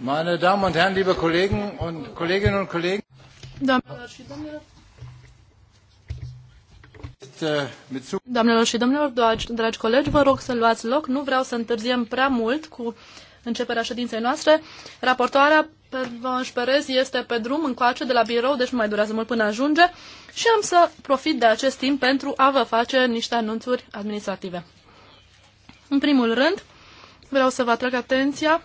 Meine Damen und Herren, liebe Kollegen und Kolleginnen und Kollegen. Doamnelor și domnilor, dragi colegi, vă rog să luați loc. Nu vreau să întârziem prea mult cu începerea ședinței noastre. Raportoarea Pervanș Perez este pe drum încoace de la birou, deci nu mai durează mult până ajunge și am să profit de acest timp pentru a vă face niște anunțuri administrative. În primul rând, vreau să vă atrag atenția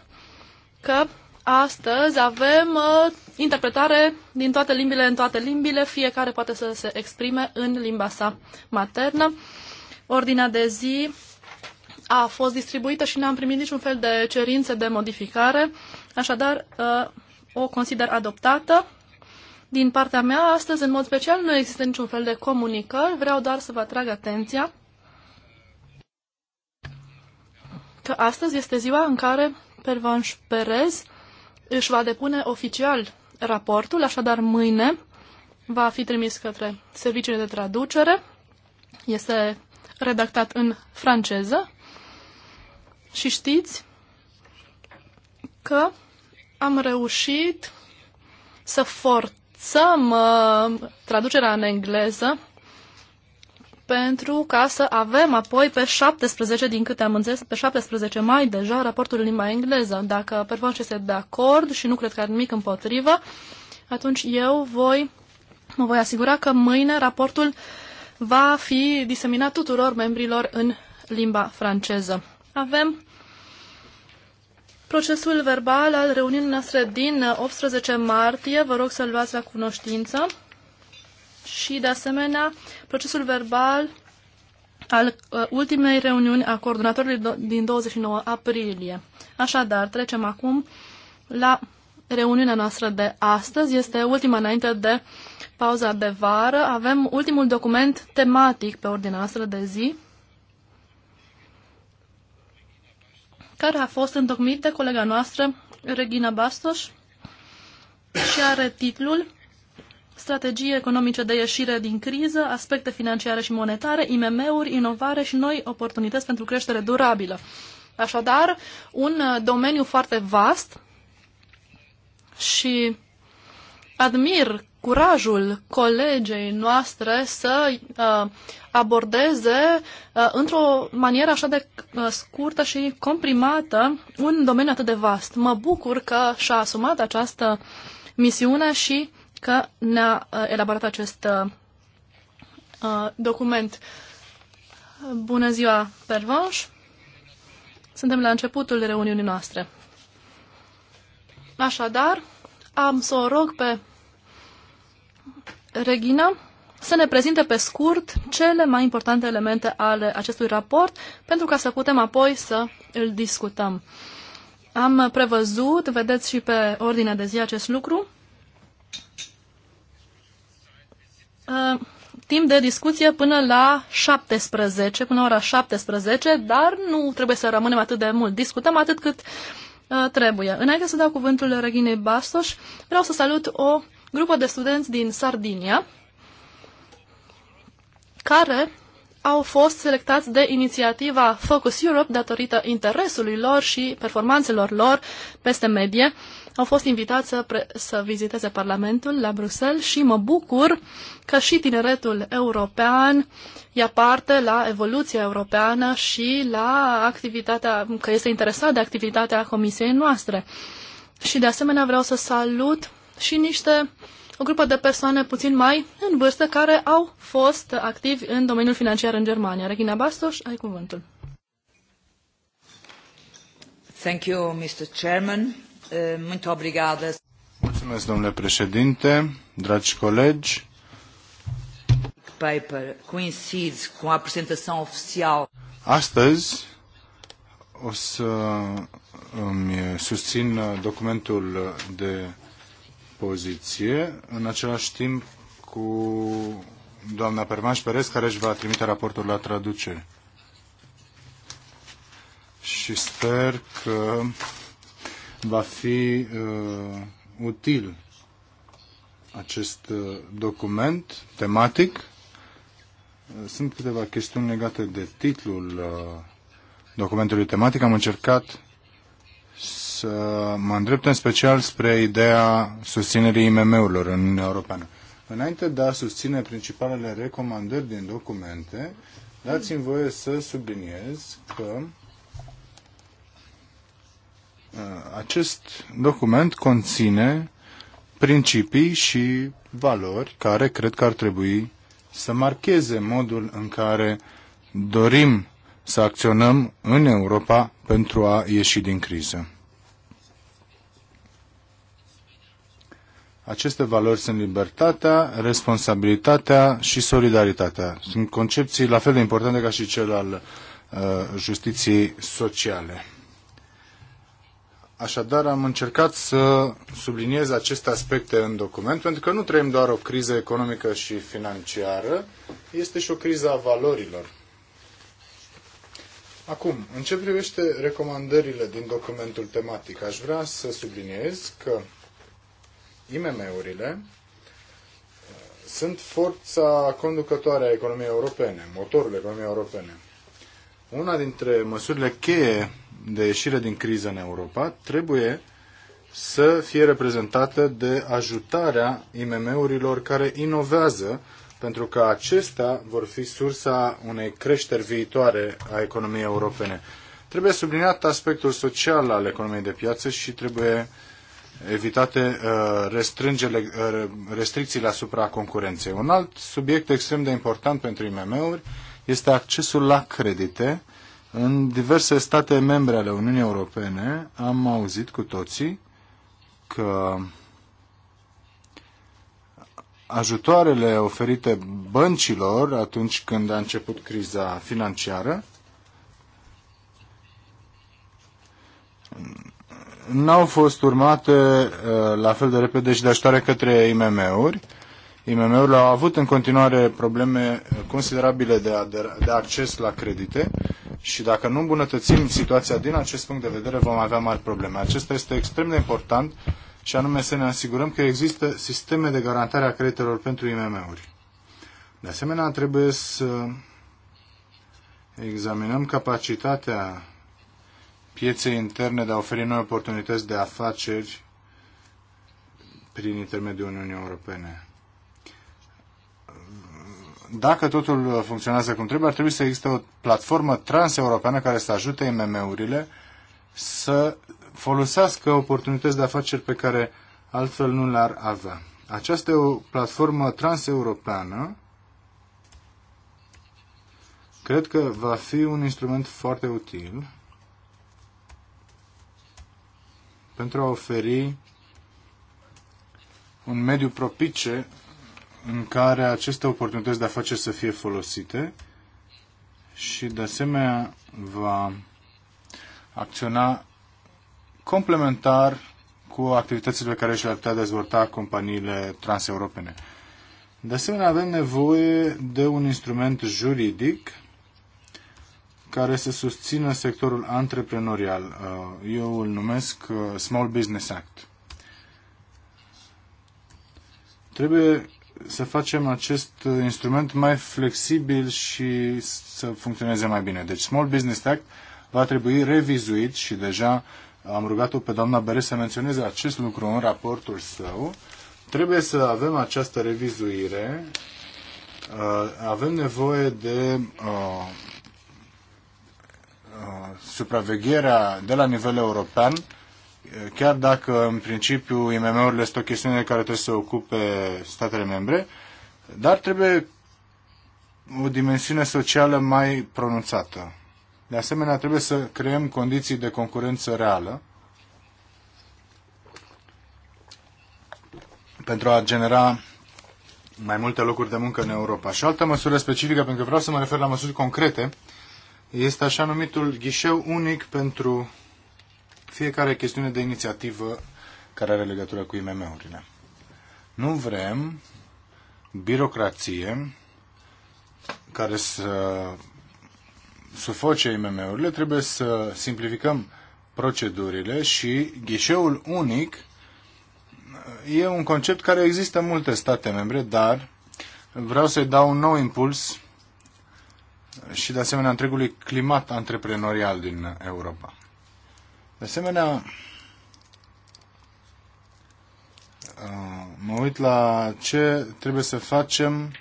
că astăzi avem uh, interpretare din toate limbile în toate limbile, fiecare poate să se exprime în limba sa maternă. Ordinea de zi a fost distribuită și n-am primit niciun fel de cerințe de modificare, așadar uh, o consider adoptată. Din partea mea, astăzi, în mod special, nu există niciun fel de comunicări, vreau doar să vă atrag atenția că astăzi este ziua în care Pervanș Perez își va depune oficial raportul, așadar mâine va fi trimis către serviciile de traducere. Este redactat în franceză și știți că am reușit să forțăm uh, traducerea în engleză pentru ca să avem apoi pe 17, din câte am înțeles, pe 17 mai deja raportul în limba engleză. Dacă performanța este de acord și nu cred că are nimic împotrivă, atunci eu voi, mă voi asigura că mâine raportul va fi diseminat tuturor membrilor în limba franceză. Avem procesul verbal al reuniunii noastre din 18 martie. Vă rog să-l luați la cunoștință și, de asemenea, procesul verbal al uh, ultimei reuniuni a coordonatorilor din 29 aprilie. Așadar, trecem acum la reuniunea noastră de astăzi. Este ultima înainte de pauza de vară. Avem ultimul document tematic pe ordinea noastră de zi, care a fost întocmit de colega noastră, Regina Bastos, și are titlul strategii economice de ieșire din criză, aspecte financiare și monetare, IMM-uri, inovare și noi oportunități pentru creștere durabilă. Așadar, un uh, domeniu foarte vast și admir curajul colegei noastre să uh, abordeze uh, într-o manieră așa de uh, scurtă și comprimată un domeniu atât de vast. Mă bucur că și-a asumat această misiune și uh, că ne-a uh, elaborat acest uh, uh, document. Bună ziua, Pervanș! Suntem la începutul reuniunii noastre. Așadar, am să o rog pe Regina să ne prezinte pe scurt cele mai importante elemente ale acestui raport, pentru ca să putem apoi să îl discutăm. Am prevăzut, vedeți și pe ordinea de zi acest lucru, uh, timp de discuție până la 17, până ora 17, dar nu trebuie să rămânem atât de mult. Discutăm atât cât uh, trebuie. Înainte să dau cuvântul Reginei Bastos, vreau să salut o grupă de studenți din Sardinia care au fost selectați de inițiativa Focus Europe datorită interesului lor și performanțelor lor peste medie. Uh, am fost invitat să, pre- să viziteze Parlamentul la Bruxelles și mă bucur că și tineretul european ia parte la evoluția europeană și la activitatea, că este interesat de activitatea comisiei noastre. Și de asemenea vreau să salut și niște o grupă de persoane puțin mai în vârstă care au fost activi în domeniul financiar în Germania. Regina Bastos, ai cuvântul. Thank you, Mr. Chairman. Muito obrigada. Mulțumesc, domnule președinte, dragi colegi. Paper coincide cu apresentação oficial. Astăzi o să îmi susțin documentul de poziție, în același timp cu doamna Permaș Perez, care își va trimite raportul la traducere. Și sper că va fi uh, util acest uh, document tematic. Uh, sunt câteva chestiuni legate de titlul uh, documentului tematic. Am încercat să mă îndrept în special spre ideea susținerii IMM-urilor în Uniunea Europeană. Înainte de a susține principalele recomandări din documente, dați-mi voie să subliniez că Uh, acest document conține principii și valori care cred că ar trebui să marcheze modul în care dorim să acționăm în Europa pentru a ieși din criză. Aceste valori sunt libertatea, responsabilitatea și solidaritatea. Sunt concepții la fel de importante ca și cel al uh, justiției sociale. Așadar, am încercat să subliniez aceste aspecte în document, pentru că nu trăim doar o criză economică și financiară, este și o criză a valorilor. Acum, în ce privește recomandările din documentul tematic, aș vrea să subliniez că IMM-urile uh, sunt forța conducătoare a economiei europene, motorul economiei europene. Una dintre măsurile cheie de ieșire din criză în Europa trebuie să fie reprezentată de ajutarea IMM-urilor care inovează, pentru că acestea vor fi sursa unei creșteri viitoare a economiei europene. Trebuie subliniat aspectul social al economiei de piață și trebuie evitate uh, uh, restricțiile asupra concurenței. Un alt subiect extrem de important pentru IMM-uri este accesul la credite. În diverse state membre ale Uniunii Europene am auzit cu toții că ajutoarele oferite băncilor atunci când a început criza financiară n-au fost urmate uh, la fel de repede și de ajutoare către IMM-uri IMM-urile au avut în continuare probleme considerabile de, de acces la credite și dacă nu îmbunătățim situația din acest punct de vedere, vom avea mari probleme. Acesta este extrem de important și anume să ne asigurăm că există sisteme de garantare a creditelor pentru IMM-uri. De asemenea, trebuie să examinăm capacitatea pieței interne de a oferi noi oportunități de afaceri prin intermediul Uniunii Europene dacă totul funcționează cum trebuie, ar trebui să existe o platformă transeuropeană care să ajute IMM-urile să folosească oportunități de afaceri pe care altfel nu le-ar avea. Aceasta e o platformă transeuropeană. Cred că va fi un instrument foarte util pentru a oferi un mediu propice în care aceste oportunități de afaceri să fie folosite și, de asemenea, va acționa complementar cu activitățile pe care și le-ar putea dezvolta companiile transeuropene. De asemenea, avem nevoie de un instrument juridic care să susțină sectorul antreprenorial. Uh, eu îl numesc uh, Small Business Act. Trebuie să facem acest instrument mai flexibil și să funcționeze mai bine. Deci Small Business Act va trebui revizuit și deja am rugat-o pe doamna Bere să menționeze acest lucru în raportul său. Trebuie să avem această revizuire. Uh, avem nevoie de uh, uh, supravegherea de la nivel european chiar dacă în principiu IMM-urile sunt o chestiune care trebuie să ocupe statele membre, dar trebuie o dimensiune socială mai pronunțată. De asemenea, trebuie să creăm condiții de concurență reală pentru a genera mai multe locuri de muncă în Europa. Și o altă măsură specifică, pentru că vreau să mă refer la măsuri concrete, este așa numitul ghișeu unic pentru fiecare chestiune de inițiativă care are legătură cu IMM-urile. Nu vrem birocrație care să sufoce IMM-urile, trebuie să simplificăm procedurile și ghișeul unic e un concept care există în multe state membre, dar vreau să-i dau un nou impuls și de asemenea întregului climat antreprenorial din Europa. De asemenea, mă uit la ce trebuie să facem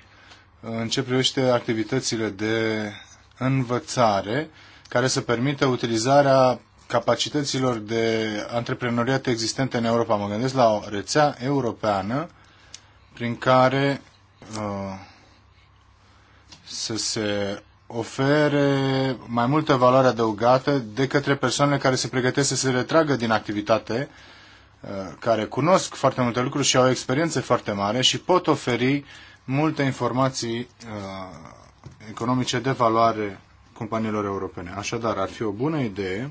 în ce privește activitățile de învățare care să permită utilizarea capacităților de antreprenoriat existente în Europa. Mă gândesc la o rețea europeană prin care uh, să se ofere mai multă valoare adăugată de către persoanele care se pregătesc să se retragă din activitate, uh, care cunosc foarte multe lucruri și au experiențe foarte mare și pot oferi multe informații uh, economice de valoare companiilor europene. Așadar, ar fi o bună idee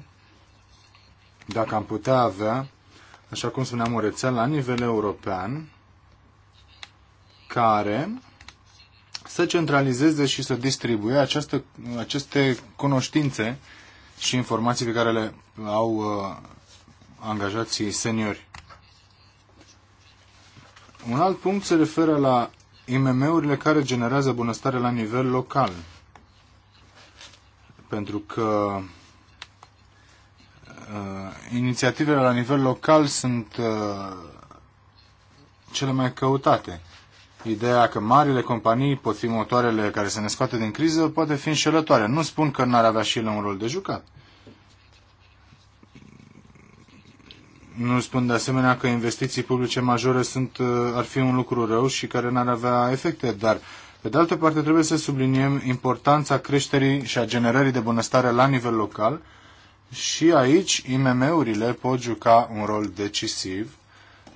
dacă am putea avea, așa cum spuneam, o rețea la nivel european care să centralizeze și să distribuie această, aceste cunoștințe și informații pe care le au uh, angajații seniori. Un alt punct se referă la IMM-urile care generează bunăstare la nivel local. Pentru că uh, inițiativele la nivel local sunt uh, cele mai căutate. Ideea că marile companii pot fi motoarele care să ne scoate din criză poate fi înșelătoare. Nu spun că n-ar avea și ele un rol de jucat. Nu spun de asemenea că investiții publice majore sunt, uh, ar fi un lucru rău și care n-ar avea efecte, dar pe de altă parte trebuie să subliniem importanța creșterii și a generării de bunăstare la nivel local și aici IMM-urile pot juca un rol decisiv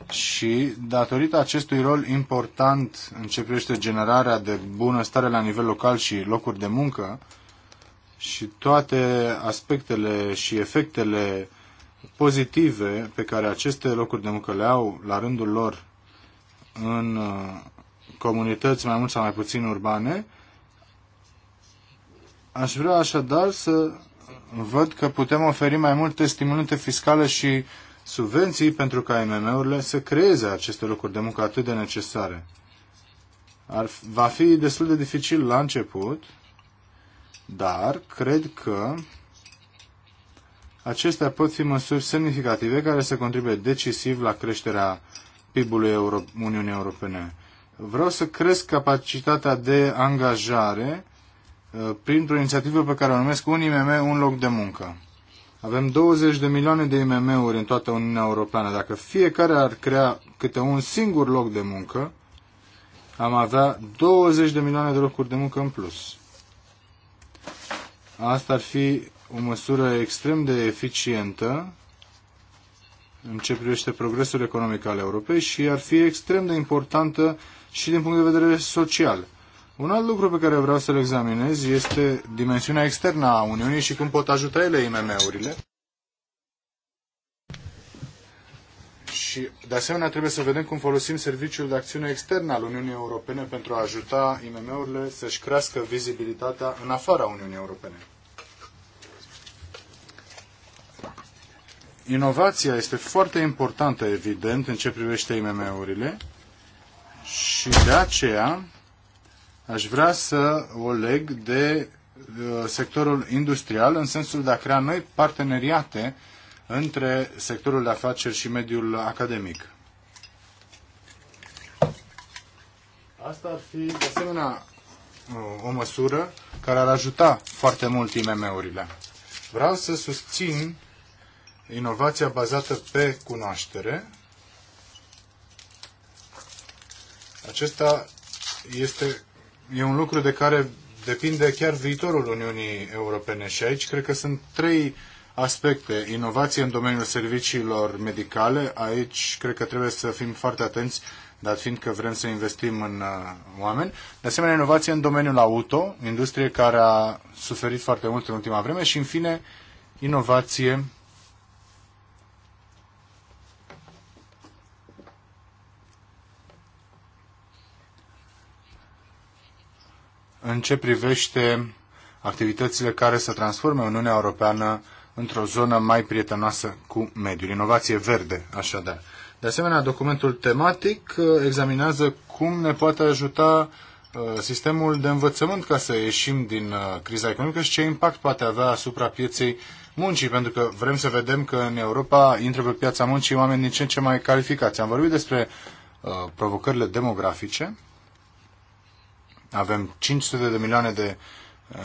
și datorită acestui rol important în ce privește generarea de bunăstare la nivel local și locuri de muncă și toate aspectele și efectele pozitive pe care aceste locuri de muncă le au la rândul lor în uh, comunități mai mult sau mai puțin urbane, aș vrea așadar să văd că putem oferi mai multe stimulante fiscale și subvenții pentru ca IMM-urile să creeze aceste locuri de muncă atât de necesare. Ar, va fi destul de dificil la început, dar cred că acestea pot fi măsuri semnificative care să contribuie decisiv la creșterea PIB-ului Euro- Uniunii Europene. Vreau să cresc capacitatea de angajare uh, printr-o inițiativă pe care o numesc Un IMM, un loc de muncă. Avem 20 de milioane de IMM-uri în toată Uniunea Europeană. Dacă fiecare ar crea câte un singur loc de muncă, am avea 20 de milioane de locuri de muncă în plus. Asta ar fi o măsură extrem de eficientă în ce privește progresul economic al Europei și ar fi extrem de importantă și din punct de vedere social. Un alt lucru pe care vreau să-l examinez este dimensiunea externă a Uniunii și cum pot ajuta ele IMM-urile. Și, de asemenea, trebuie să vedem cum folosim serviciul de acțiune externă al Uniunii Europene pentru a ajuta IMM-urile să-și crească vizibilitatea în afara Uniunii Europene. Inovația este foarte importantă, evident, în ce privește IMM-urile și de aceea aș vrea să o leg de uh, sectorul industrial în sensul de a crea noi parteneriate între sectorul de afaceri și mediul academic. Asta ar fi, de asemenea, uh, o măsură care ar ajuta foarte mult IMM-urile. Vreau să susțin inovația bazată pe cunoaștere. Acesta este e un lucru de care depinde chiar viitorul Uniunii Europene și aici cred că sunt trei aspecte. Inovație în domeniul serviciilor medicale, aici cred că trebuie să fim foarte atenți, dat fiind că vrem să investim în uh, oameni. De asemenea, inovație în domeniul auto, industrie care a suferit foarte mult în ultima vreme și, în fine, inovație în ce privește activitățile care să transforme Uniunea Europeană într-o zonă mai prietenoasă cu mediul. Inovație verde, așadar. De asemenea, documentul tematic uh, examinează cum ne poate ajuta uh, sistemul de învățământ ca să ieșim din uh, criza economică și ce impact poate avea asupra pieței muncii, pentru că vrem să vedem că în Europa intră pe piața muncii oameni din ce în ce mai calificați. Am vorbit despre uh, provocările demografice avem 500 de milioane de uh,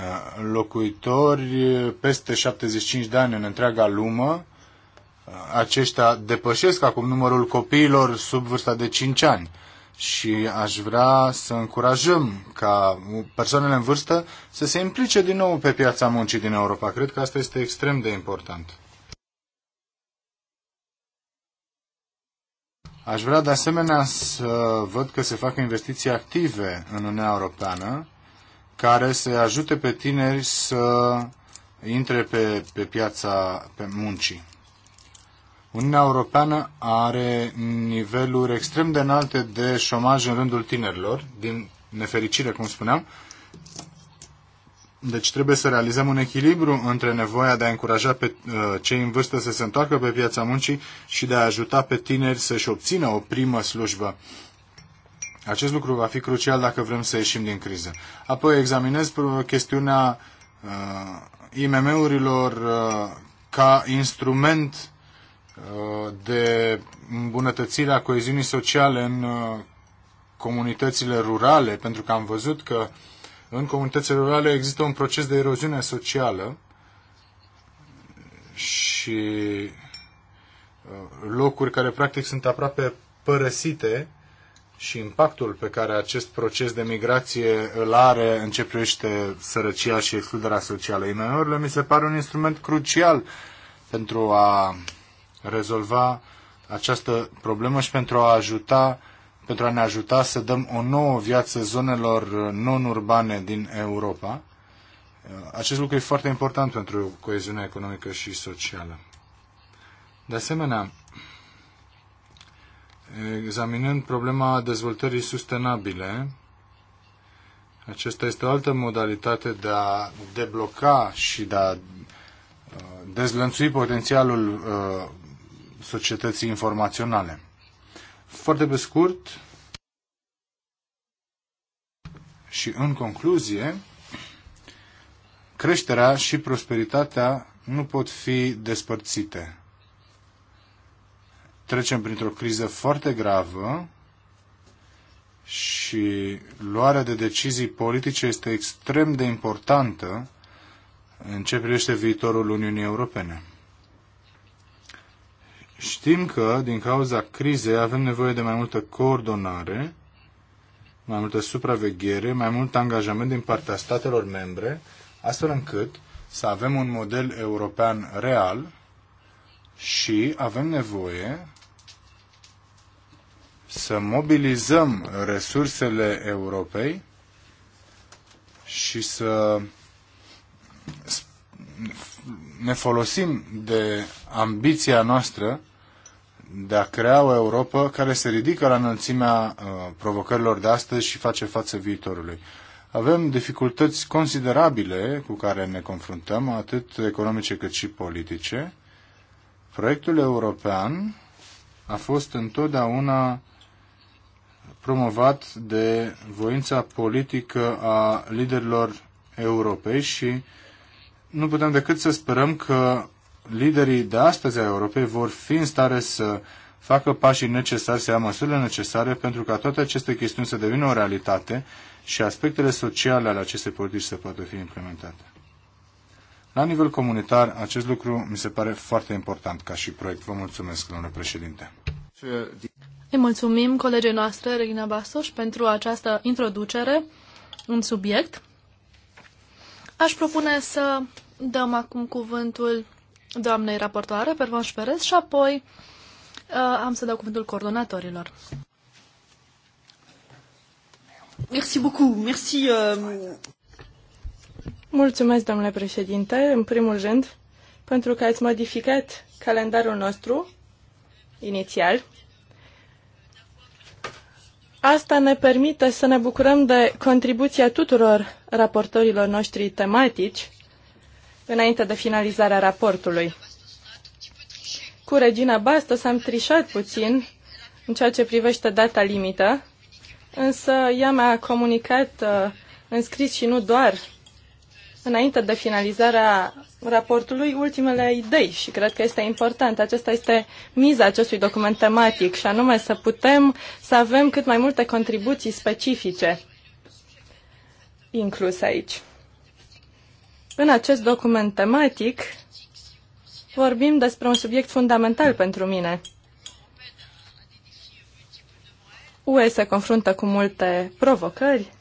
locuitori peste 75 de ani în întreaga lume. Uh, aceștia depășesc acum numărul copiilor sub vârsta de 5 ani și aș vrea să încurajăm ca persoanele în vârstă să se implice din nou pe piața muncii din Europa. Cred că asta este extrem de important. Aș vrea de asemenea să văd că se fac investiții active în Uniunea Europeană care să ajute pe tineri să intre pe, pe piața pe muncii. Uniunea Europeană are niveluri extrem de înalte de șomaj în rândul tinerilor, din nefericire, cum spuneam, deci trebuie să realizăm un echilibru între nevoia de a încuraja pe uh, cei în vârstă să se întoarcă pe piața muncii și de a ajuta pe tineri să-și obțină o primă slujbă. Acest lucru va fi crucial dacă vrem să ieșim din criză. Apoi examinez chestiunea uh, IMM-urilor uh, ca instrument uh, de îmbunătățire a coeziunii sociale în uh, comunitățile rurale, pentru că am văzut că uh, în comunitățile rurale există un proces de eroziune socială și uh, locuri care practic sunt aproape părăsite și impactul pe care acest proces de migrație îl are în ce privește sărăcia și excluderea socială. IMM-urile mi se pare un instrument crucial pentru a rezolva această problemă și pentru a ajuta pentru a ne ajuta să dăm o nouă viață zonelor non-urbane din Europa. Acest lucru e foarte important pentru coeziunea economică și socială. De asemenea, examinând problema dezvoltării sustenabile, acesta este o altă modalitate de a debloca și de a uh, dezlănțui potențialul uh, societății informaționale. Foarte pe scurt, Și în concluzie, creșterea și prosperitatea nu pot fi despărțite. Trecem printr-o criză foarte gravă și luarea de decizii politice este extrem de importantă în ce privește viitorul Uniunii Europene. Știm că, din cauza crizei, avem nevoie de mai multă coordonare mai multă supraveghere, mai mult angajament din partea statelor membre, astfel încât să avem un model european real și avem nevoie să mobilizăm resursele Europei și să ne folosim de ambiția noastră de a crea o Europa care se ridică la înălțimea uh, provocărilor de astăzi și face față viitorului. Avem dificultăți considerabile cu care ne confruntăm, atât economice cât și politice. Proiectul european a fost întotdeauna promovat de voința politică a liderilor Europei și nu putem decât să sperăm că liderii de astăzi a Europei vor fi în stare să facă pașii necesari, să ia măsurile necesare pentru ca toate aceste chestiuni să devină o realitate și aspectele sociale ale acestei politici să poată fi implementate. La nivel comunitar, acest lucru mi se pare foarte important ca și proiect. Vă mulțumesc, domnule președinte. Îi mulțumim colegii noastre, Regina Basuș pentru această introducere în subiect. Aș propune să dăm acum cuvântul doamnei raportoare, Pervanș Perez, și apoi uh, am să dau cuvântul coordonatorilor. Merci beaucoup. Merci, uh... Mulțumesc, domnule președinte, în primul rând, pentru că ați modificat calendarul nostru inițial. Asta ne permite să ne bucurăm de contribuția tuturor raportorilor noștri tematici înainte de finalizarea raportului. Cu Regina Bastos am trișat puțin în ceea ce privește data limită, însă ea mi-a comunicat uh, în scris și nu doar înainte de finalizarea raportului ultimele idei și cred că este important. Aceasta este miza acestui document tematic și anume să putem să avem cât mai multe contribuții specifice incluse aici. În acest document tematic vorbim despre un subiect fundamental pentru mine. UE se confruntă cu multe provocări,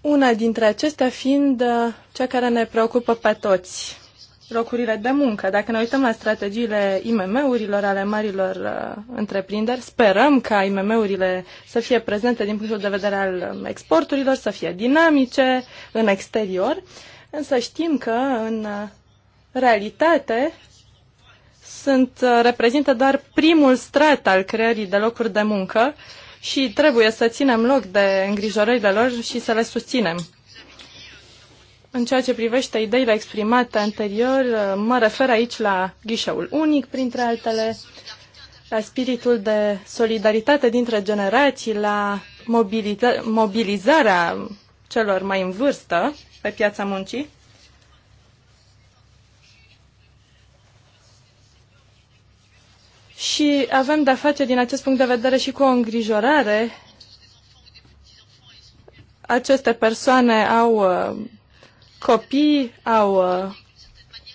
una dintre acestea fiind uh, cea care ne preocupă pe toți, locurile de muncă. Dacă ne uităm la strategiile IMM-urilor, ale marilor uh, întreprinderi, sperăm ca IMM-urile să fie prezente din punctul de vedere al um, exporturilor, să fie dinamice în exterior, însă știm că în uh, realitate sunt, uh, reprezintă doar primul strat al creării de locuri de muncă și trebuie să ținem loc de îngrijorările lor și să le susținem. În ceea ce privește ideile exprimate anterior, uh, mă refer aici la ghișeul unic, printre altele, la spiritul de solidaritate dintre generații, la mobilizarea celor mai în vârstă pe piața muncii. Și avem de-a face din acest punct de vedere și cu o îngrijorare. Aceste persoane au uh, copii au uh,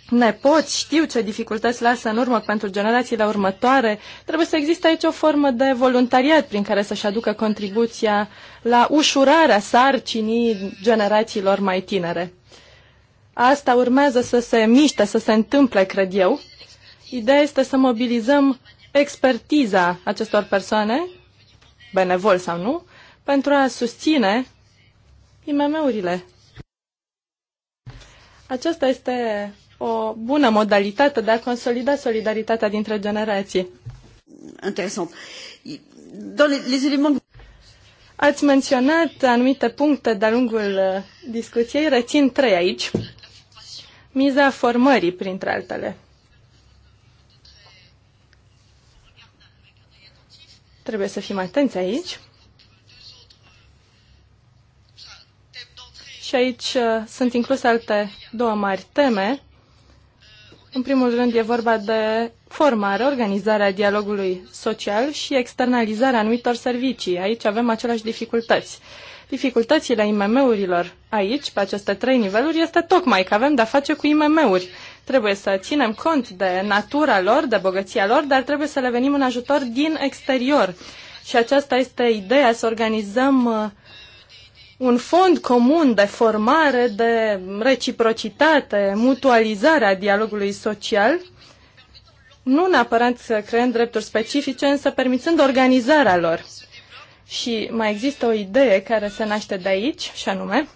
nepoți, știu ce dificultăți lasă în urmă pentru generațiile următoare, trebuie să existe aici o formă de voluntariat prin care să-și aducă contribuția la ușurarea sarcinii generațiilor mai tinere. Asta urmează să se miște, să se întâmple, cred eu. Ideea este să mobilizăm expertiza acestor persoane, benevol sau nu, pentru a susține IMM-urile aceasta este o bună modalitate de a consolida solidaritatea dintre generații. Interesant. les éléments... Ați menționat anumite puncte de-a lungul uh, discuției, rețin trei aici. Miza formării, printre altele. Trebuie să fim atenți aici. și aici uh, sunt incluse alte două mari teme. În primul rând e vorba de formare, organizarea dialogului social și externalizarea anumitor servicii. Aici avem aceleași dificultăți. Dificultățile IMM-urilor aici, pe aceste trei niveluri, este tocmai că avem de-a face cu IMM-uri. Trebuie să ținem cont de natura lor, de bogăția lor, dar trebuie să le venim în ajutor din exterior. Și aceasta este ideea, să organizăm uh, un fond comun de formare, de reciprocitate, mutualizare a dialogului social, nu neapărat creând drepturi specifice, însă permițând organizarea lor. Și mai există o idee care se naște de aici, și anume,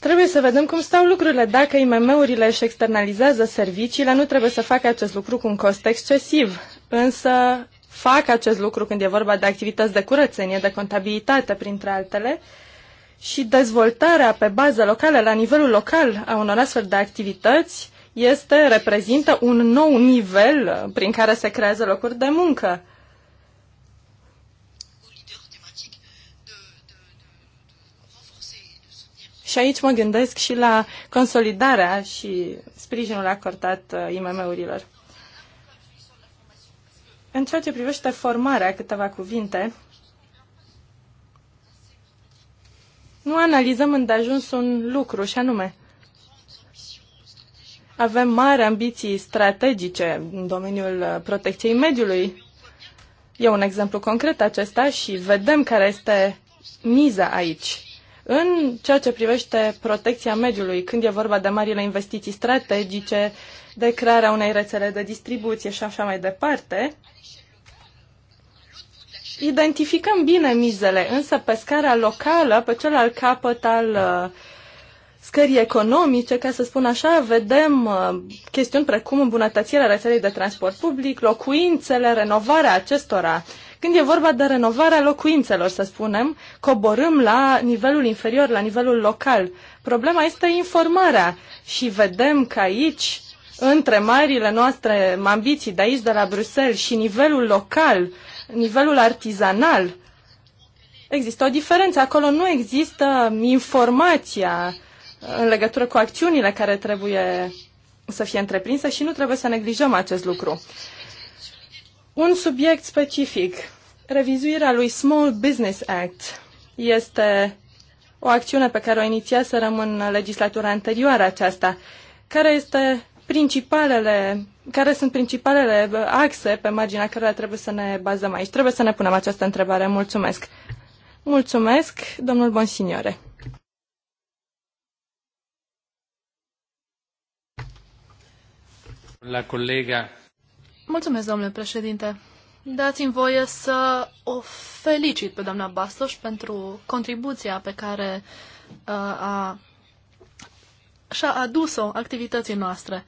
Trebuie să vedem cum stau lucrurile. Dacă IMM-urile își externalizează serviciile, nu trebuie să facă acest lucru cu un cost excesiv. Însă fac acest lucru când e vorba de activități de curățenie, de contabilitate, printre altele, și dezvoltarea pe bază locală, la nivelul local, a unor astfel de activități este, reprezintă un nou nivel prin care se creează locuri de muncă. Și aici mă gândesc și la consolidarea și sprijinul acordat uh, IMM-urilor. În ceea ce privește formarea, câteva cuvinte, nu analizăm îndeajuns un lucru, și anume, avem mari ambiții strategice în domeniul uh, protecției mediului. E un exemplu concret acesta și vedem care este miza aici. În ceea ce privește protecția mediului, când e vorba de marile investiții strategice, de crearea unei rețele de distribuție și așa mai departe, identificăm bine mizele, însă pe scara locală, pe celălalt capăt al uh, scării economice, ca să spun așa, vedem uh, chestiuni precum îmbunătățirea rețelei de transport public, locuințele, renovarea acestora, când e vorba de renovarea locuințelor, să spunem, coborâm la nivelul inferior, la nivelul local. Problema este informarea și vedem că aici, între marile noastre ambiții de aici, de la Bruxelles și nivelul local, nivelul artizanal, există o diferență. Acolo nu există informația în legătură cu acțiunile care trebuie să fie întreprinsă și nu trebuie să neglijăm acest lucru. Un subiect specific, revizuirea lui Small Business Act, este o acțiune pe care o să rămân legislatura anterioară aceasta. Care este principalele, care sunt principalele axe pe marginea cărora trebuie să ne bazăm aici? Trebuie să ne punem această întrebare. Mulțumesc. Mulțumesc, domnul Bonsignore. La colega Mulțumesc, domnule președinte. Dați-mi voie să o felicit pe doamna Bastos pentru contribuția pe care uh, a, și-a adus-o activității noastre.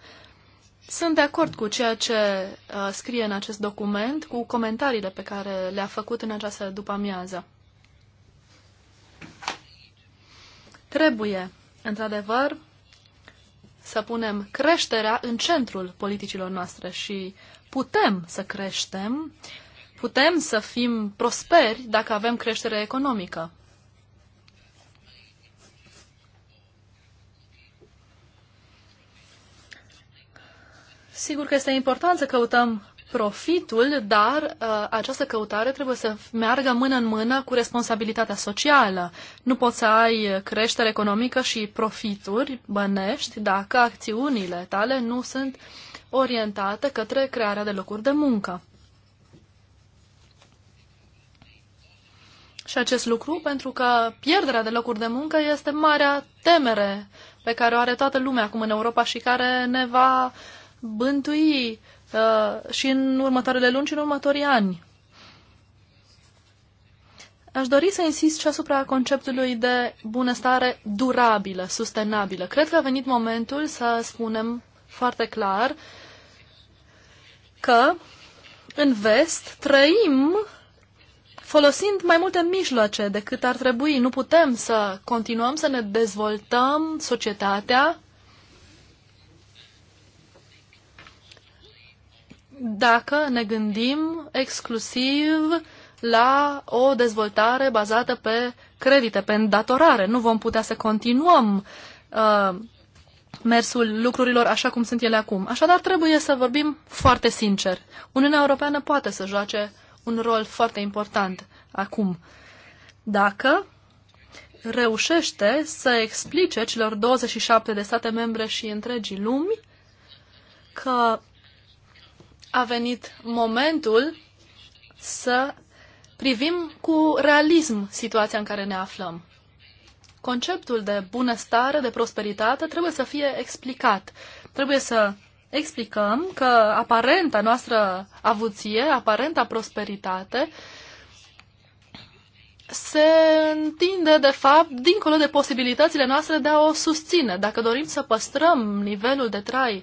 Sunt de acord cu ceea ce uh, scrie în acest document, cu comentariile pe care le-a făcut în această după-amiază. Trebuie, într-adevăr, să punem creșterea în centrul politicilor noastre și putem să creștem, putem să fim prosperi dacă avem creștere economică. Sigur că este important să căutăm profitul, dar uh, această căutare trebuie să meargă mână în mână cu responsabilitatea socială. Nu poți să ai creștere economică și profituri bănești dacă acțiunile tale nu sunt orientate către crearea de locuri de muncă. Și acest lucru pentru că pierderea de locuri de muncă este marea temere pe care o are toată lumea acum în Europa și care ne va bântui uh, Uh, și în următoarele luni și în următorii ani. Aș dori să insist și asupra conceptului de bunăstare durabilă, sustenabilă. Cred că a venit momentul să spunem foarte clar că în vest trăim folosind mai multe mijloace decât ar trebui. Nu putem să continuăm să ne dezvoltăm societatea dacă ne gândim exclusiv la o dezvoltare bazată pe credite, pe îndatorare. Nu vom putea să continuăm uh, mersul lucrurilor așa cum sunt ele acum. Așadar, trebuie să vorbim foarte sincer. Uniunea Europeană poate să joace un rol foarte important acum. Dacă reușește să explice celor 27 de state membre și întregii lumi că a venit momentul să privim cu realism situația în care ne aflăm. Conceptul de bunăstare, de prosperitate, trebuie să fie explicat. Trebuie să explicăm că aparenta noastră avuție, aparenta prosperitate, se întinde, de fapt, dincolo de posibilitățile noastre de a o susține. Dacă dorim să păstrăm nivelul de trai uh,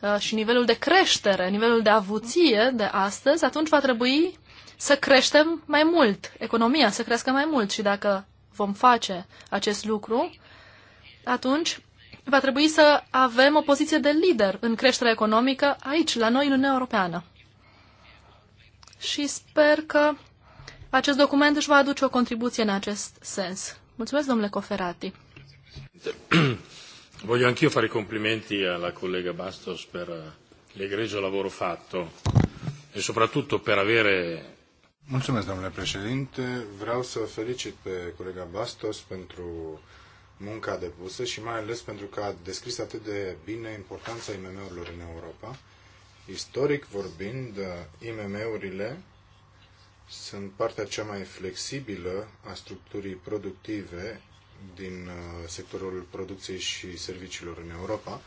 Uh, și nivelul de creștere, nivelul de avuție de astăzi, atunci va trebui să creștem mai mult, economia să crească mai mult și dacă vom face acest lucru, atunci va trebui să avem o poziție de lider în creșterea economică aici, la noi, în Uniunea Europeană. Și sper că acest document își va aduce o contribuție în acest sens. Mulțumesc, domnule Coferati. Voglio anch'io fare i complimenti alla collega Bastos per eh, l'egregio lavoro fatto e soprattutto per avere Mulțumesc, domnule președinte. Vreau să felicit pe colega Bastos pentru munca depusă și mai ales pentru că a descris atât de bine importanța IMM-urilor în Europa. Istoric vorbind, uh, IMM-urile sunt partea cea mai flexibilă a structurii productive din uh, sectorul producției și serviciilor în Europa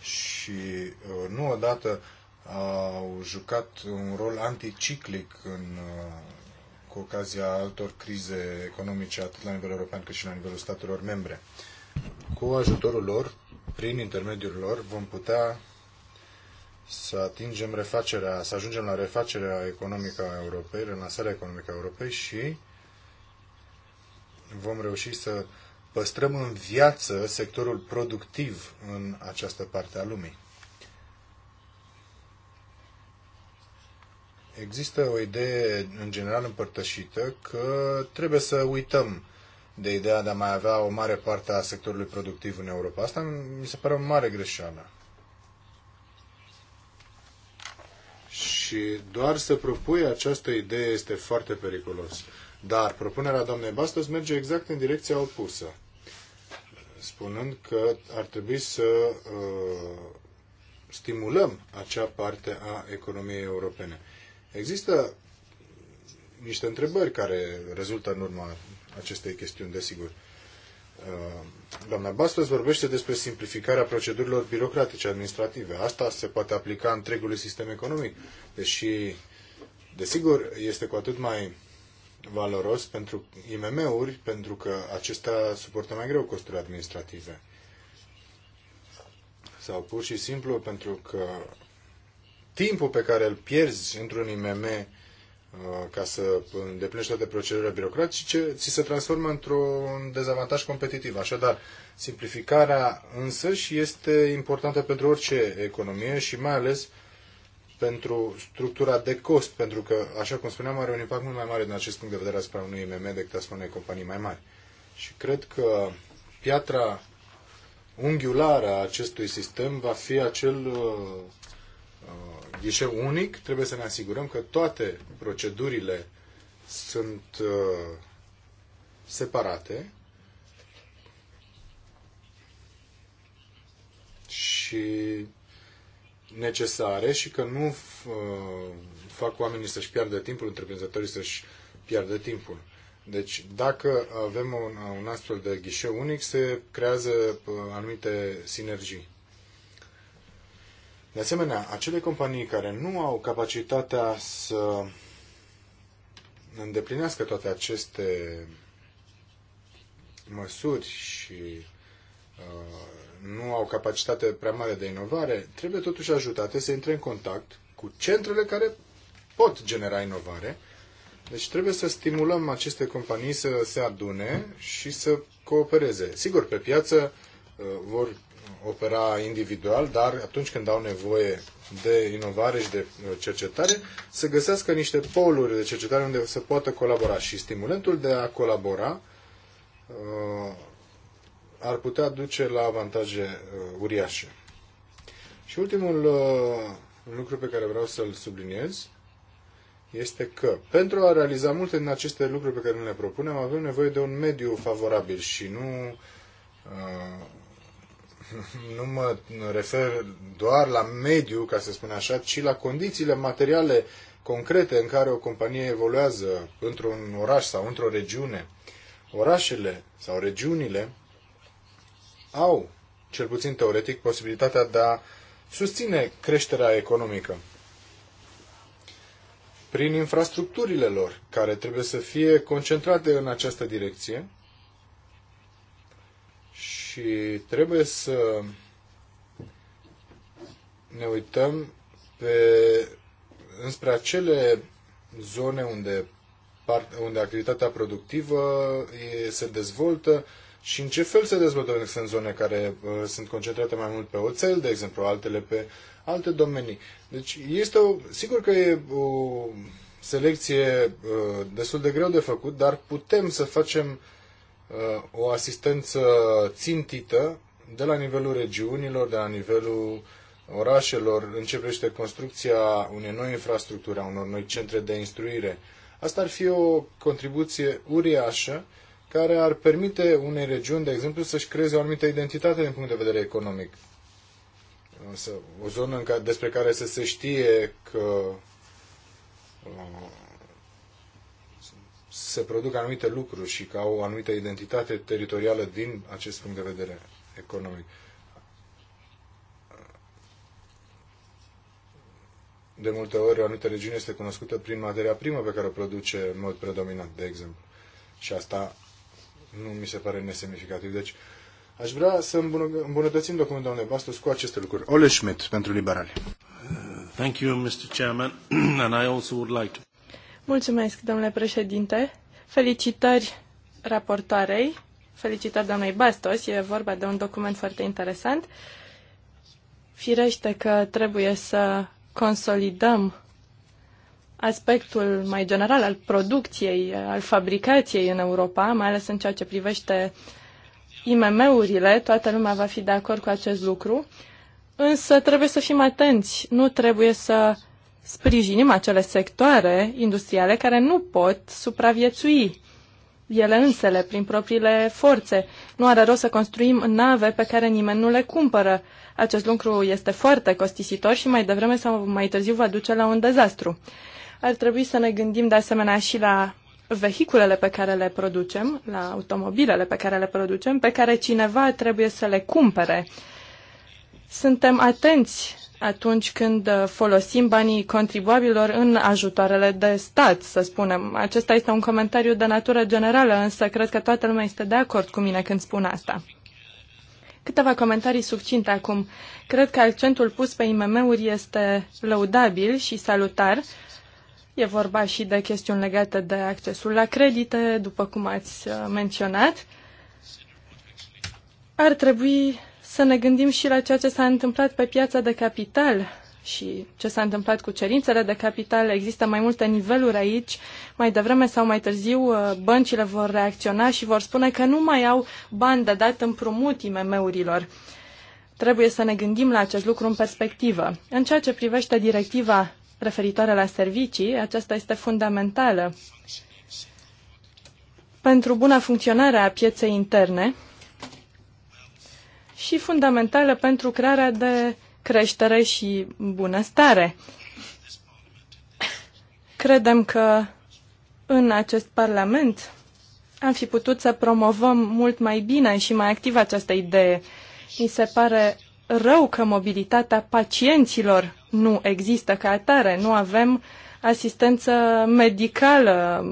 și uh, nu odată au jucat un rol anticiclic în, uh, cu ocazia altor crize economice atât la nivel european cât și la nivelul statelor membre. Cu ajutorul lor, prin intermediul lor, vom putea să atingem refacerea, să ajungem la refacerea economică a Europei, relansarea economică a Europei și vom reuși să păstrăm în viață sectorul productiv în această parte a lumii. Există o idee în general împărtășită că trebuie să uităm de ideea de a mai avea o mare parte a sectorului productiv în Europa. Asta mi se pare o mare greșeală. Și doar să propui această idee este foarte periculos. Dar propunerea doamnei Bastos merge exact în direcția opusă, spunând că ar trebui să uh, stimulăm acea parte a economiei europene. Există niște întrebări care rezultă în urma acestei chestiuni, desigur. Uh, doamna Bastos vorbește despre simplificarea procedurilor birocratice administrative. Asta se poate aplica întregului sistem economic, deși, desigur, este cu atât mai valoros pentru IMM-uri, pentru că acesta suportă mai greu costurile administrative. Sau pur și simplu pentru că timpul pe care îl pierzi într-un IMM uh, ca să îndeplinești toate procedurile birocratice, ți se transformă într-un dezavantaj competitiv. Așadar, simplificarea însă și este importantă pentru orice economie și mai ales uh, pentru structura de cost, pentru că, așa cum spuneam, are un impact mult mai mare din acest punct de vedere asupra unui IMM decât asupra unei companii mai mari. Și cred că piatra unghiulară a acestui sistem va fi acel uh, uh ghișeu unic. Trebuie să ne asigurăm că toate procedurile sunt uh, separate și necesare și că nu uh, fac oamenii să-și piardă timpul, întreprinzătorii să-și piardă timpul. Deci, dacă avem un, un astfel de ghișeu unic, se creează uh, anumite sinergii. De asemenea, acele companii care nu au capacitatea să îndeplinească toate aceste măsuri și uh, nu au capacitate prea mare de inovare, trebuie totuși ajutate să intre în contact cu centrele care pot genera inovare. Deci trebuie să stimulăm aceste companii să se adune și să coopereze. Sigur, pe piață uh, vor opera individual, dar atunci când au nevoie de inovare și de uh, cercetare, să găsească niște poluri de cercetare unde să poată colabora. Și stimulentul de a colabora uh, ar putea duce la avantaje uh, uriașe. Și ultimul uh, lucru pe care vreau să-l subliniez este că pentru a realiza multe din aceste lucruri pe care ne le propunem, avem nevoie de un mediu favorabil și nu uh, nu mă refer doar la mediu, ca să spun așa, ci la condițiile materiale concrete în care o companie evoluează într-un oraș sau într-o regiune. Orașele sau regiunile au, cel puțin teoretic, posibilitatea de a susține creșterea economică prin infrastructurile lor, care trebuie să fie concentrate în această direcție și trebuie să ne uităm pe, înspre acele zone unde, part, unde activitatea productivă e, se dezvoltă, și în ce fel se dezvoltă în zone care uh, sunt concentrate mai mult pe oțel, de exemplu, altele pe alte domenii. Deci este o, sigur că e o selecție uh, destul de greu de făcut, dar putem să facem uh, o asistență țintită de la nivelul regiunilor, de la nivelul orașelor, începește construcția unei noi infrastructuri, a unor noi centre de instruire. Asta ar fi o contribuție uriașă care ar permite unei regiuni, de exemplu, să-și creeze o anumită identitate din punct de vedere economic. O zonă în care, despre care să se știe că uh, se produc anumite lucruri și că au o anumită identitate teritorială din acest punct de vedere economic. De multe ori, o anumită regiune este cunoscută prin materia primă pe care o produce în mod predominant, de exemplu. Și asta nu mi se pare nesemnificativ. Deci aș vrea să îmbunătățim documentul doamne Bastos cu aceste lucruri. Ole Schmidt, pentru liberali. Thank you, Mr. Chairman, and I also would like to... Mulțumesc, domnule președinte. Felicitări raportarei. Felicitări doamnei Bastos. E vorba de un document foarte interesant. Firește că trebuie să consolidăm aspectul mai general al producției, al fabricației în Europa, mai ales în ceea ce privește IMM-urile, toată lumea va fi de acord cu acest lucru, însă trebuie să fim atenți, nu trebuie să sprijinim acele sectoare industriale care nu pot supraviețui ele însele, prin propriile forțe. Nu are rost să construim nave pe care nimeni nu le cumpără. Acest lucru este foarte costisitor și mai devreme sau mai târziu va duce la un dezastru. Ar trebui să ne gândim de asemenea și la vehiculele pe care le producem, la automobilele pe care le producem, pe care cineva trebuie să le cumpere. Suntem atenți atunci când folosim banii contribuabilor în ajutoarele de stat, să spunem. Acesta este un comentariu de natură generală, însă cred că toată lumea este de acord cu mine când spun asta. Câteva comentarii subținte acum. Cred că accentul pus pe IMM-uri este lăudabil și salutar. E vorba și de chestiuni legate de accesul la credite, după cum ați uh, menționat. Ar trebui să ne gândim și la ceea ce s-a întâmplat pe piața de capital și ce s-a întâmplat cu cerințele de capital. Există mai multe niveluri aici. Mai devreme sau mai târziu uh, băncile vor reacționa și vor spune că nu mai au bani de dat împrumut IMM-urilor. Trebuie să ne gândim la acest lucru în perspectivă. În ceea ce privește directiva referitoare la servicii, aceasta este fundamentală pentru buna funcționare a pieței interne și fundamentală pentru crearea de creștere și bunăstare. Credem că în acest Parlament am fi putut să promovăm mult mai bine și mai activ această idee. Mi se pare rău că mobilitatea pacienților nu există ca atare, nu avem asistență medicală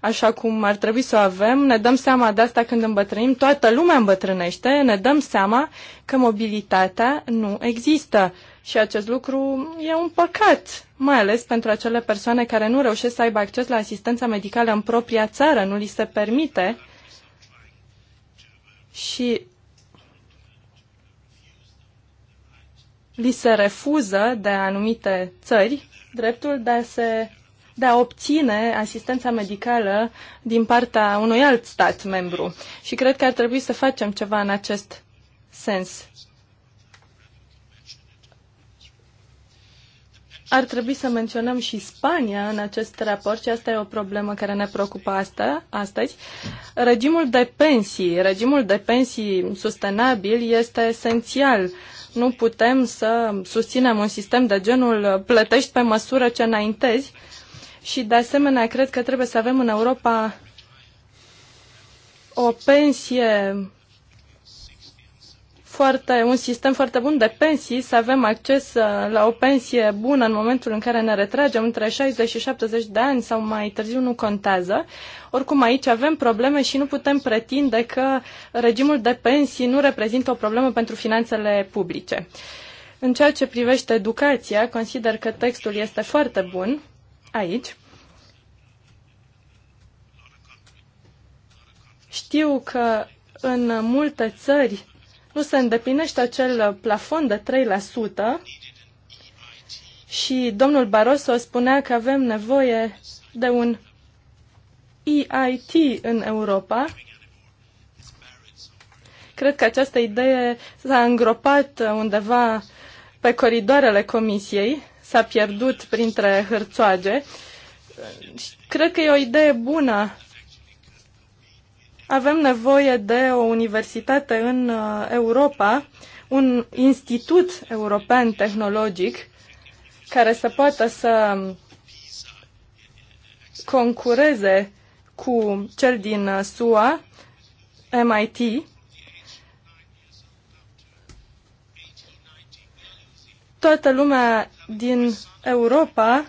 așa cum ar trebui să o avem. Ne dăm seama de asta când îmbătrânim, toată lumea îmbătrânește, ne dăm seama că mobilitatea nu există. Și acest lucru e un păcat, mai ales pentru acele persoane care nu reușesc să aibă acces la asistența medicală în propria țară, nu li se permite. Și li se refuză de anumite țări dreptul de a, se, de a obține asistența medicală din partea unui alt stat membru. Și cred că ar trebui să facem ceva în acest sens. Ar trebui să menționăm și Spania în acest raport și asta e o problemă care ne preocupă asta, astăzi. Regimul de pensii, regimul de pensii sustenabil este esențial uh, nu putem să susținem un sistem de genul uh, plătești pe măsură ce înaintezi și de asemenea cred că trebuie să avem în Europa o pensie foarte, un sistem foarte bun de pensii, să avem acces uh, la o pensie bună în momentul în care ne retragem între 60 și 70 de ani sau mai târziu nu contează. Oricum aici avem probleme și nu putem pretinde că regimul de pensii nu reprezintă o problemă pentru finanțele publice. În ceea ce privește educația, consider că textul este foarte bun aici. Știu că în multe țări nu se îndeplinește acel uh, plafon de 3% și domnul Barroso spunea că avem nevoie de un EIT în Europa. Cred că această idee s-a îngropat uh, undeva pe coridoarele comisiei, s-a pierdut printre hârțoage. Uh, cred că e o idee bună avem nevoie de o universitate în uh, Europa, un institut european tehnologic care să poată să concureze cu cel din uh, SUA, MIT. Toată lumea din Europa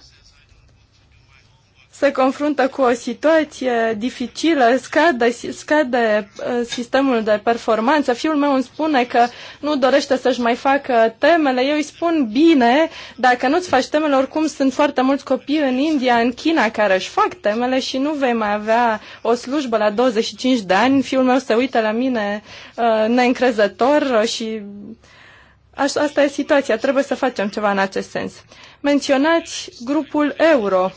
se confruntă cu o situație dificilă, scade, scade uh, sistemul de performanță. Fiul meu îmi spune că nu dorește să-și mai facă temele. Eu îi spun bine, dacă nu-ți faci temele, oricum sunt foarte mulți copii în India, în China, care își fac temele și nu vei mai avea o slujbă la 25 de ani. Fiul meu se uită la mine uh, neîncrezător și asta e situația. Trebuie să facem ceva în acest sens. Menționați grupul euro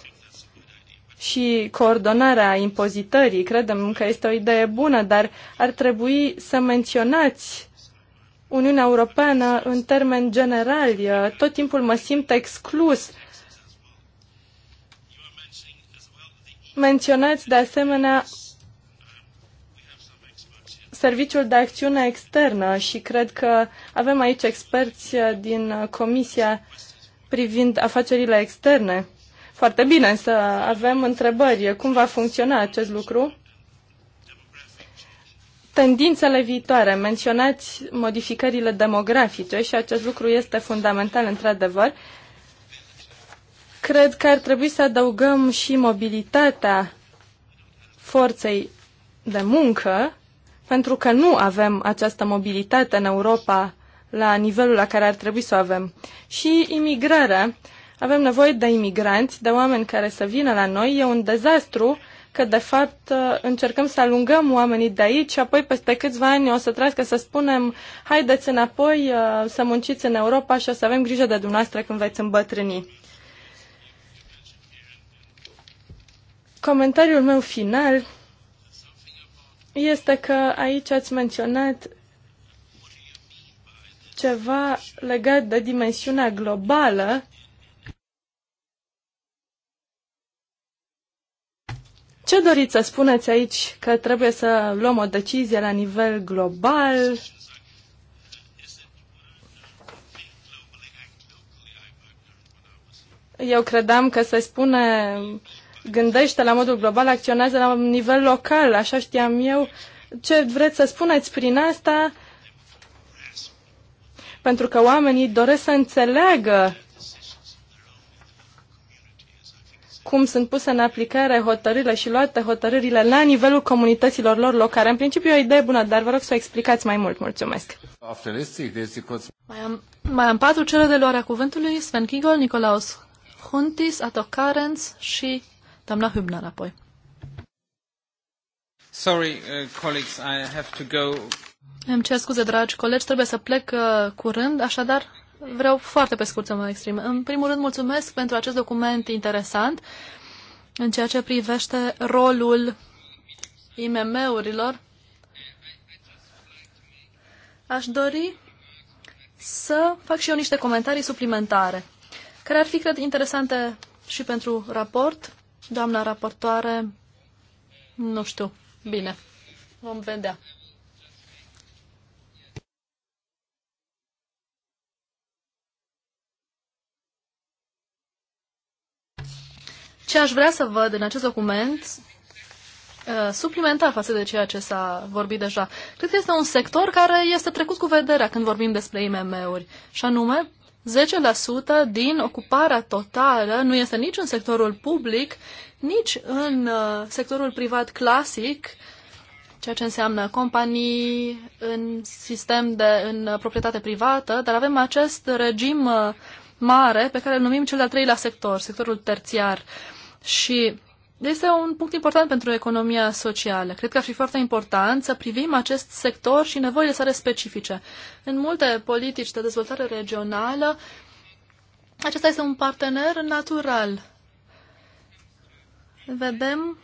și coordonarea impozitării, credem că este o idee bună, dar ar trebui să menționați Uniunea Europeană în termen general. Tot timpul mă simt exclus. Menționați de asemenea Serviciul de Acțiune Externă și cred că avem aici experți din Comisia privind afacerile externe. Foarte bine, să avem întrebări. Cum va funcționa acest lucru? Tendințele viitoare. Menționați modificările demografice și acest lucru este fundamental, într-adevăr. Cred că ar trebui să adăugăm și mobilitatea forței de muncă, pentru că nu avem această mobilitate în Europa la nivelul la care ar trebui să o avem. Și imigrarea. Avem nevoie de imigranți, de oameni care să vină la noi. E un dezastru că, de fapt, încercăm să alungăm oamenii de aici și apoi peste câțiva ani o să trească să spunem haideți înapoi uh, să munciți în Europa și o să avem grijă de dumneavoastră când veți îmbătrâni. Comentariul meu final este că aici ați menționat ceva legat de dimensiunea globală Ce doriți să spuneți aici că trebuie să luăm o decizie la nivel global? Eu credeam că se spune gândește la modul global, acționează la nivel local, așa știam eu. Ce vreți să spuneți prin asta? Pentru că oamenii doresc să înțeleagă cum sunt puse în aplicare hotărârile și luate hotărârile la nivelul comunităților lor locale. În principiu e o idee bună, dar vă rog să o explicați mai mult. Mulțumesc. Mai am, mai am patru cele de luarea cuvântului, Sven Kigol, Nicolaus Huntis, Ato Karens și doamna Hübner apoi. Sorry, uh, colleagues, I have to go. Îmi cer scuze, dragi colegi, trebuie să plec uh, curând, așadar Vreau foarte pe scurt să mă exprim. În primul rând, mulțumesc pentru acest document interesant în ceea ce privește rolul IMM-urilor. Aș dori să fac și eu niște comentarii suplimentare, care ar fi, cred, interesante și pentru raport. Doamna raportoare, nu știu, bine, vom vedea. Ce aș vrea să văd în acest document uh, suplimentar față de ceea ce s-a vorbit deja. Cred că este un sector care este trecut cu vederea când vorbim despre IMM-uri, și anume 10% din ocuparea totală nu este nici în sectorul public, nici în uh, sectorul privat clasic, ceea ce înseamnă companii în sistem de în proprietate privată, dar avem acest regim uh, mare pe care îl numim cel de-al treilea sector, sectorul terțiar. Și este un punct important pentru economia socială. Cred că ar fi foarte important să privim acest sector și nevoile sale specifice. În multe politici de dezvoltare regională, acesta este un partener natural. Vedem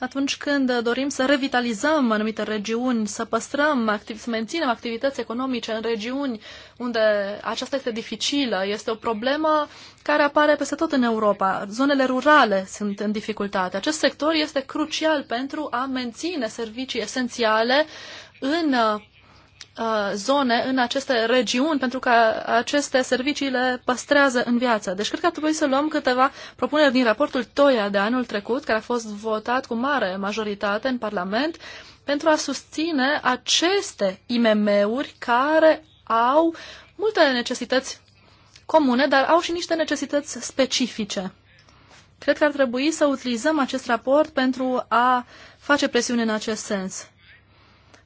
atunci când dorim să revitalizăm anumite regiuni, să păstrăm, să menținem activități economice în regiuni unde aceasta este dificilă, este o problemă care apare peste tot în Europa. Zonele rurale sunt în dificultate. Acest sector este crucial pentru a menține servicii esențiale în Uh, zone, în aceste regiuni, pentru că aceste servicii le păstrează în viață. Deci cred că ar trebui să luăm câteva propuneri din raportul TOIA de anul trecut, care a fost votat cu mare majoritate în Parlament, pentru a susține aceste IMM-uri care au multe necesități comune, dar au și niște necesități specifice. Cred că ar trebui să utilizăm acest raport pentru a face presiune în acest sens.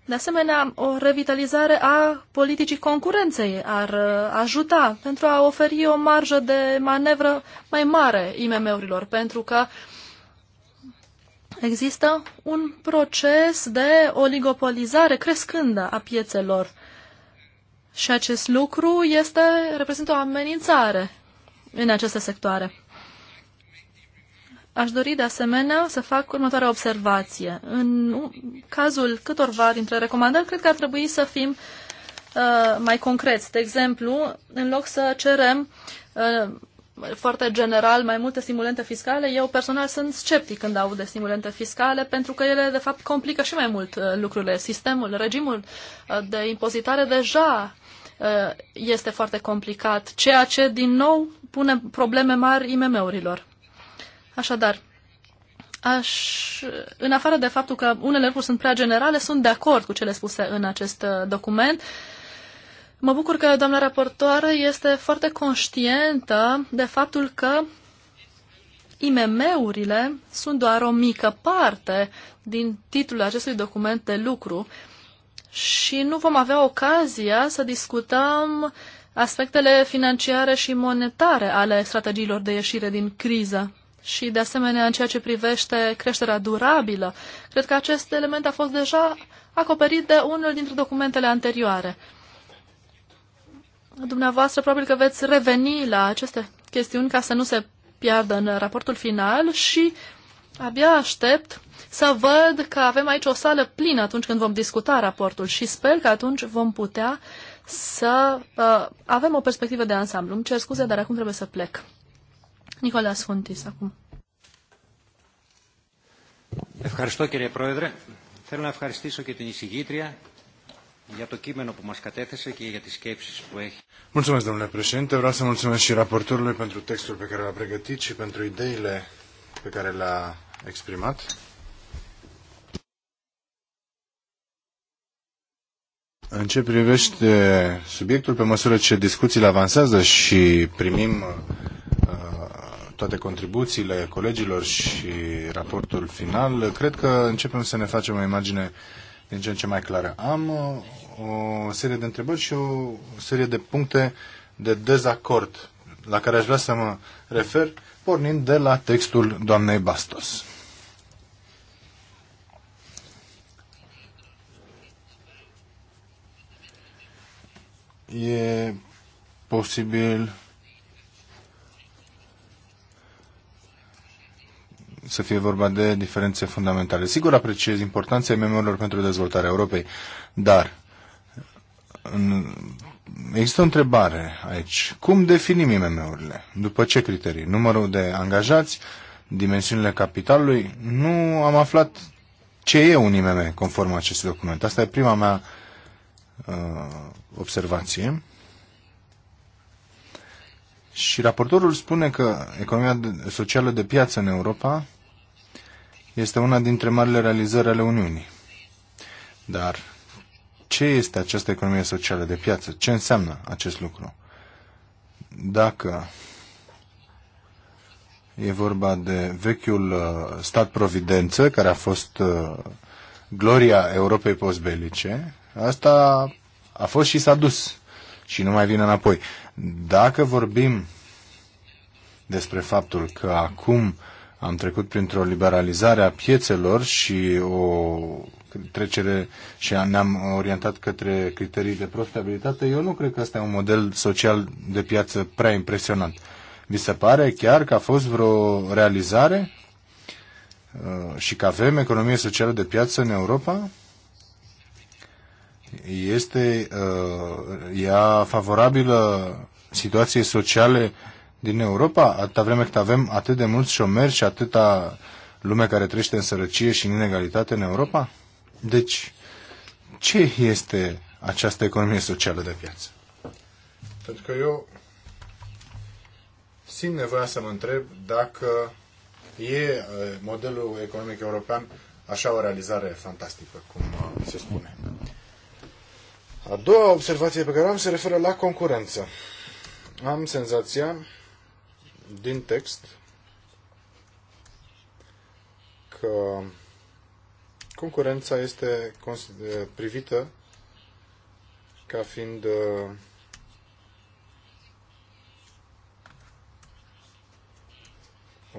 De asemenea, o revitalizare a politicii concurenței ar uh, ajuta pentru a oferi o marjă de manevră mai mare IMM-urilor, pentru că există un proces de oligopolizare crescândă a piețelor și acest lucru este, reprezintă o amenințare în aceste sectoare. Aș dori de asemenea să fac următoarea observație. În cazul câtorva dintre recomandări, cred că ar trebui să fim uh, mai concreți. De exemplu, în loc să cerem uh, foarte general mai multe stimulente fiscale, eu personal sunt sceptic când aud de stimulente fiscale, pentru că ele, de fapt, complică și mai mult uh, lucrurile. Sistemul, regimul uh, de impozitare deja uh, este foarte complicat, ceea ce, din nou, pune probleme mari IMM-urilor. Așadar, aș, în afară de faptul că unele lucruri sunt prea generale, sunt de acord cu cele spuse în acest uh, document. Mă bucur că doamna raportoare este foarte conștientă de faptul că IMM-urile sunt doar o mică parte din titlul acestui document de lucru și nu vom avea ocazia să discutăm aspectele financiare și monetare ale strategiilor de ieșire din criză și, de asemenea, în ceea ce privește creșterea durabilă, cred că acest element a fost deja acoperit de unul dintre documentele anterioare. Dumneavoastră, probabil că veți reveni la aceste chestiuni ca să nu se piardă în raportul final și abia aștept să văd că avem aici o sală plină atunci când vom discuta raportul și sper că atunci vom putea să uh, avem o perspectivă de ansamblu. Îmi cer scuze, dar acum trebuie să plec. Nicolas Fontis, acum. Ευχαριστώ κύριε Πρόεδρε. Θέλω να ευχαριστήσω και την εισηγήτρια για το κείμενο που μας κατέθεσε και για τις σκέψεις που έχει. Mulțumesc, domnule președinte. Vreau să mulțumesc și raportorului pentru textul pe care l-a pregătit și pentru ideile pe care le-a exprimat. În ce privește subiectul, pe măsură ce discuțiile avansează și primim uh, toate contribuțiile colegilor și raportul final, cred că începem să ne facem o imagine din ce în ce mai clară. Am uh, o serie de întrebări și o serie de puncte de dezacord la care aș vrea să mă refer, pornind de la textul doamnei Bastos. E posibil să fie vorba de diferențe fundamentale. Sigur, apreciez importanța IMM-urilor pentru dezvoltarea Europei, dar în, există o întrebare aici. Cum definim IMM-urile? După ce criterii? Numărul de angajați? Dimensiunile capitalului? Nu am aflat ce e un IMM conform acestui document. Asta e prima mea uh, observație. Și raportorul spune că economia socială de piață în Europa este una dintre marile realizări ale Uniunii. Dar ce este această economie socială de piață? Ce înseamnă acest lucru? Dacă e vorba de vechiul uh, stat providență, care a fost uh, gloria Europei postbelice, asta a fost și s-a dus și nu mai vine înapoi. Dacă vorbim despre faptul că acum uh, am trecut printr-o liberalizare a piețelor și o trecere și ne-am orientat către criterii de profitabilitate. Eu nu cred că asta e un model social de piață prea impresionant. Vi se pare chiar că a fost vreo realizare uh, și că avem economie socială de piață în Europa? Este uh, ea favorabilă situației sociale din Europa, atâta vreme cât avem atât de mulți șomeri și atâta lume care trăiește în sărăcie și în inegalitate în Europa? Deci, ce este această economie socială de piață? Pentru că eu simt nevoia să mă întreb dacă e modelul economic european așa o realizare fantastică, cum uh, se spune. A doua observație pe care o am se referă la concurență. Am senzația din text că concurența este privită ca fiind uh,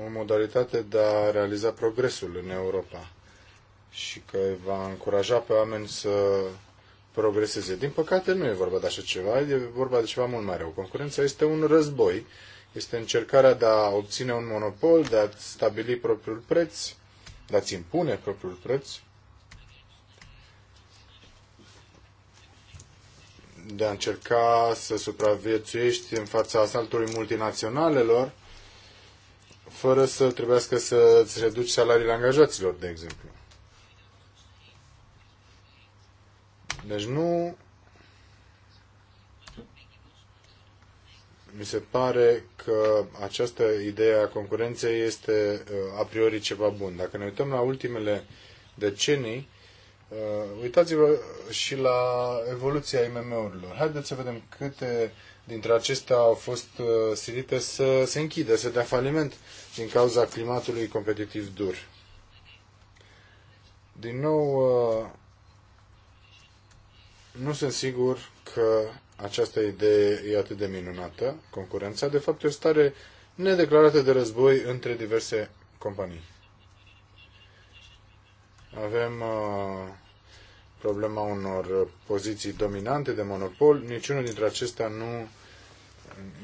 o modalitate de a realiza progresul în Europa și că va încuraja pe oameni să progreseze. Din păcate nu e vorba de așa ceva, e vorba de ceva mult mai rău. Concurența este un război este încercarea de a obține un monopol, de a stabili propriul preț, de a-ți impune propriul preț, de a încerca să supraviețuiești în fața asaltului multinaționalelor, fără să trebuiască să îți reduci salariile angajaților, de exemplu. Deci nu mi se pare că această idee a concurenței este uh, a priori ceva bun. Dacă ne uităm la ultimele decenii, uh, uitați-vă și la evoluția IMM-urilor. Haideți să vedem câte dintre acestea au fost uh, silite să se închidă, să dea faliment din cauza climatului competitiv dur. Din nou, nu sunt sigur că această idee e atât de minunată, concurența, de fapt e o stare nedeclarată de război între diverse companii. Avem uh, problema unor poziții dominante de monopol. Niciunul dintre acestea nu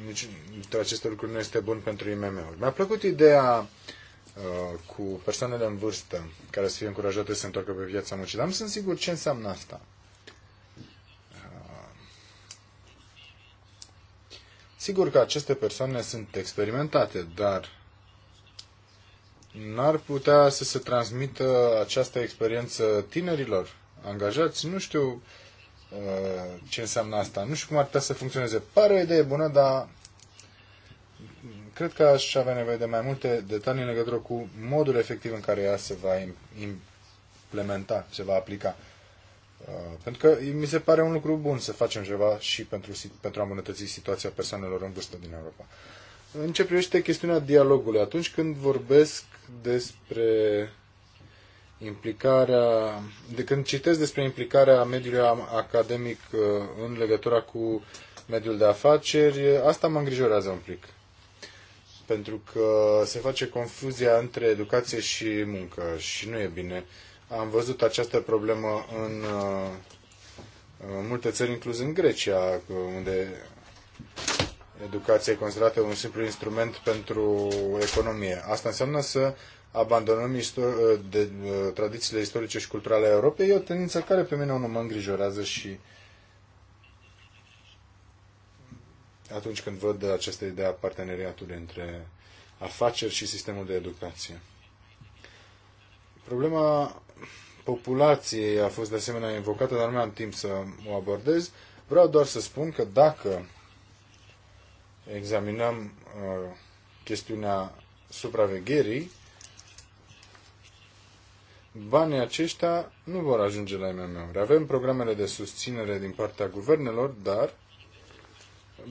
nici dintre aceste lucruri nu este bun pentru IMM-uri. Mi-a plăcut ideea uh, cu persoanele în vârstă care să fie încurajate să se întoarcă pe viața muncii, dar nu sunt sigur ce înseamnă asta. Sigur că aceste persoane sunt experimentate, dar n-ar putea să se transmită această experiență tinerilor angajați. Nu știu uh, ce înseamnă asta. Nu știu cum ar putea să funcționeze. Pare o idee bună, dar cred că aș avea nevoie de mai multe detalii în legătură cu modul efectiv în care ea se va implementa, se va aplica. Uh, pentru că mi se pare un lucru bun să facem ceva și pentru, pentru a îmbunătăți situația persoanelor în vârstă din Europa. În ce privește chestiunea dialogului, atunci când vorbesc despre implicarea, de când citesc despre implicarea mediului academic uh, în legătura cu mediul de afaceri, asta mă îngrijorează un pic. Pentru că se face confuzia între educație și muncă și nu e bine. Uh, am văzut această problemă în uh, multe țări, în Grecia, unde educația e considerată un simplu instrument pentru economie. Asta înseamnă să abandonăm istor- uh, de, uh, tradițiile istorice și culturale a Europei. E o tendință care pe mine nu mă îngrijorează și atunci când văd această idee a parteneriatului între afaceri și sistemul de educație. Problema populației a fost de asemenea invocată, dar nu am timp să o abordez. Vreau doar să spun că dacă examinăm uh, chestiunea supravegherii, banii aceștia nu vor ajunge la IMM-uri. Avem programele de susținere din partea guvernelor, dar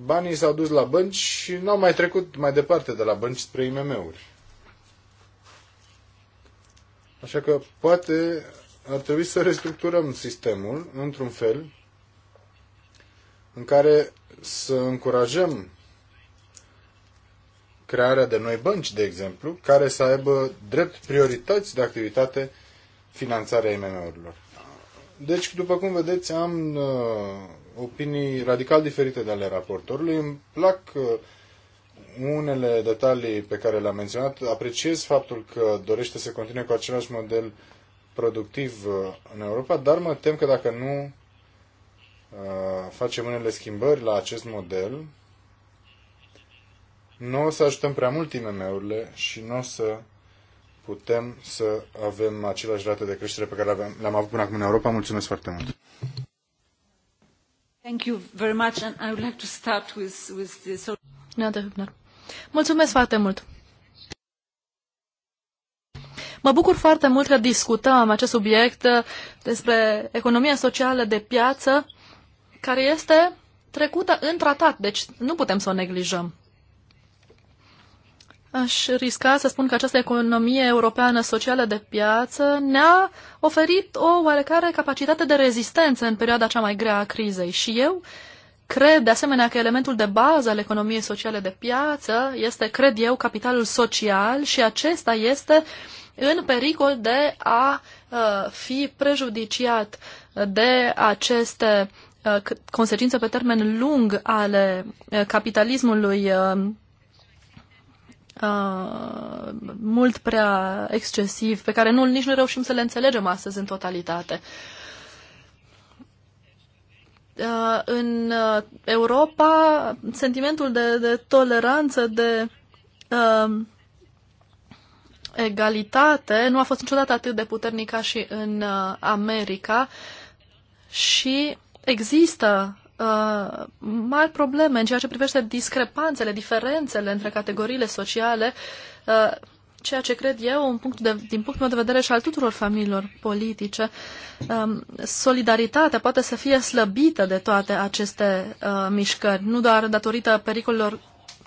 banii s-au dus la bănci și nu au mai trecut mai departe de la bănci spre IMM-uri. Așa că poate ar trebui să restructurăm sistemul într-un fel în care să încurajăm crearea de noi bănci, de exemplu, care să aibă drept priorități de activitate finanțarea IMM-urilor. Deci, după cum vedeți, am uh, opinii radical diferite de ale raportorului. Îmi plac uh, unele detalii pe care le-am menționat. Apreciez faptul că dorește să continue cu același model productiv uh, în Europa, dar mă tem că dacă nu uh, facem unele schimbări la acest model, nu o să ajutăm prea mult IMM-urile și nu o să putem să avem aceleași rate de creștere pe care le-am avut până acum în Europa. Mulțumesc foarte mult! Thank you very much and I would like to start with, with the... Mulțumesc foarte mult! Mă bucur foarte mult că discutăm acest subiect despre economia socială de piață, care este trecută în tratat, deci nu putem să o neglijăm. Aș risca să spun că această economie europeană socială de piață ne-a oferit o oarecare capacitate de rezistență în perioada cea mai grea a crizei și eu uh, Cred, de asemenea, că elementul de bază al economiei sociale de piață este, cred eu, capitalul social și acesta este în pericol de a uh, fi prejudiciat de aceste uh, consecințe pe termen lung ale uh, capitalismului mult prea excesiv, pe care nu, nici nu reușim să le înțelegem astăzi în totalitate. Uh, Uh, în uh, Europa sentimentul de, de toleranță, de uh, egalitate nu a fost niciodată atât de puternic ca și în uh, America și există uh, mari probleme în ceea ce privește discrepanțele, diferențele între categoriile sociale. Uh, ceea ce cred eu, un punct de, din punctul meu de vedere și al tuturor familiilor politice, um, solidaritatea poate să fie slăbită de toate aceste uh, mișcări, nu doar datorită pericolelor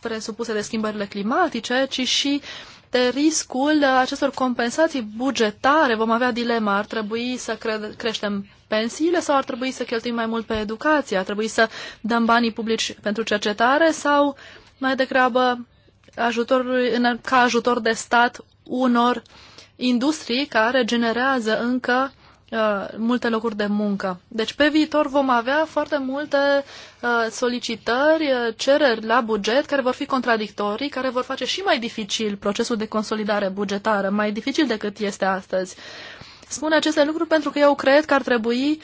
presupuse de schimbările climatice, ci și de riscul uh, acestor compensații bugetare. Vom avea dilema, ar trebui să cre- creștem pensiile sau ar trebui să cheltuim mai mult pe educație, ar trebui să dăm banii publici pentru cercetare sau mai degrabă ajutorului, în, ca ajutor de stat unor industrii care generează încă uh, multe locuri de muncă. Deci pe viitor vom avea foarte multe uh, solicitări, uh, cereri la buget care vor fi contradictorii, care vor face și mai dificil procesul de consolidare bugetară, mai dificil decât este astăzi. Spun aceste lucruri pentru că eu cred că ar trebui uh,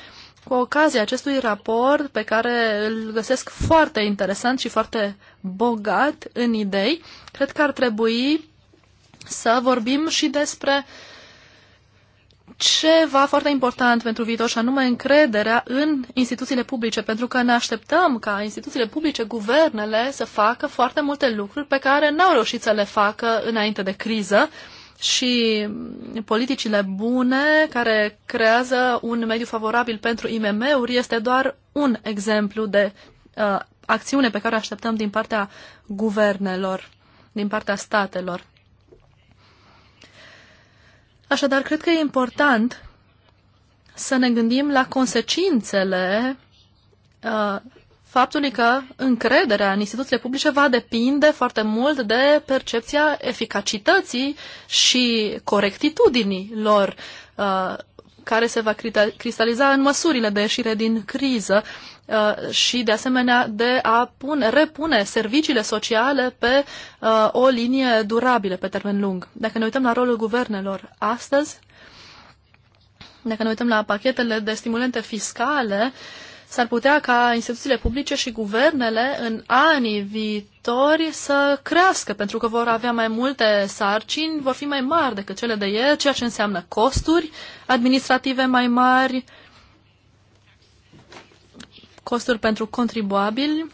cu ocazia acestui raport, pe care îl găsesc foarte interesant și foarte bogat în idei, cred că ar trebui să vorbim și despre ceva foarte important pentru viitor și anume încrederea în instituțiile publice, pentru că ne așteptăm ca instituțiile publice, guvernele, să facă foarte multe lucruri pe care n-au reușit să le facă înainte de criză, uh, și politicile bune care creează un mediu favorabil pentru IMM-uri este doar un exemplu de uh, acțiune pe care o așteptăm din partea guvernelor, din partea statelor. Așadar, cred că e important să ne gândim la consecințele uh, faptului că încrederea în instituțiile publice va depinde foarte mult de percepția eficacității și corectitudinii lor, uh, care se va cristaliza în măsurile de ieșire din criză uh, și, de asemenea, de a pune, repune serviciile sociale pe uh, o linie durabilă pe termen lung. Dacă ne uităm la rolul guvernelor astăzi, dacă ne uităm la pachetele de stimulente fiscale, uh, S-ar putea ca instituțiile publice și guvernele în anii viitori să crească, pentru că vor avea mai multe sarcini, vor fi mai mari decât cele de ieri, ceea ce înseamnă costuri administrative mai mari, costuri pentru contribuabili,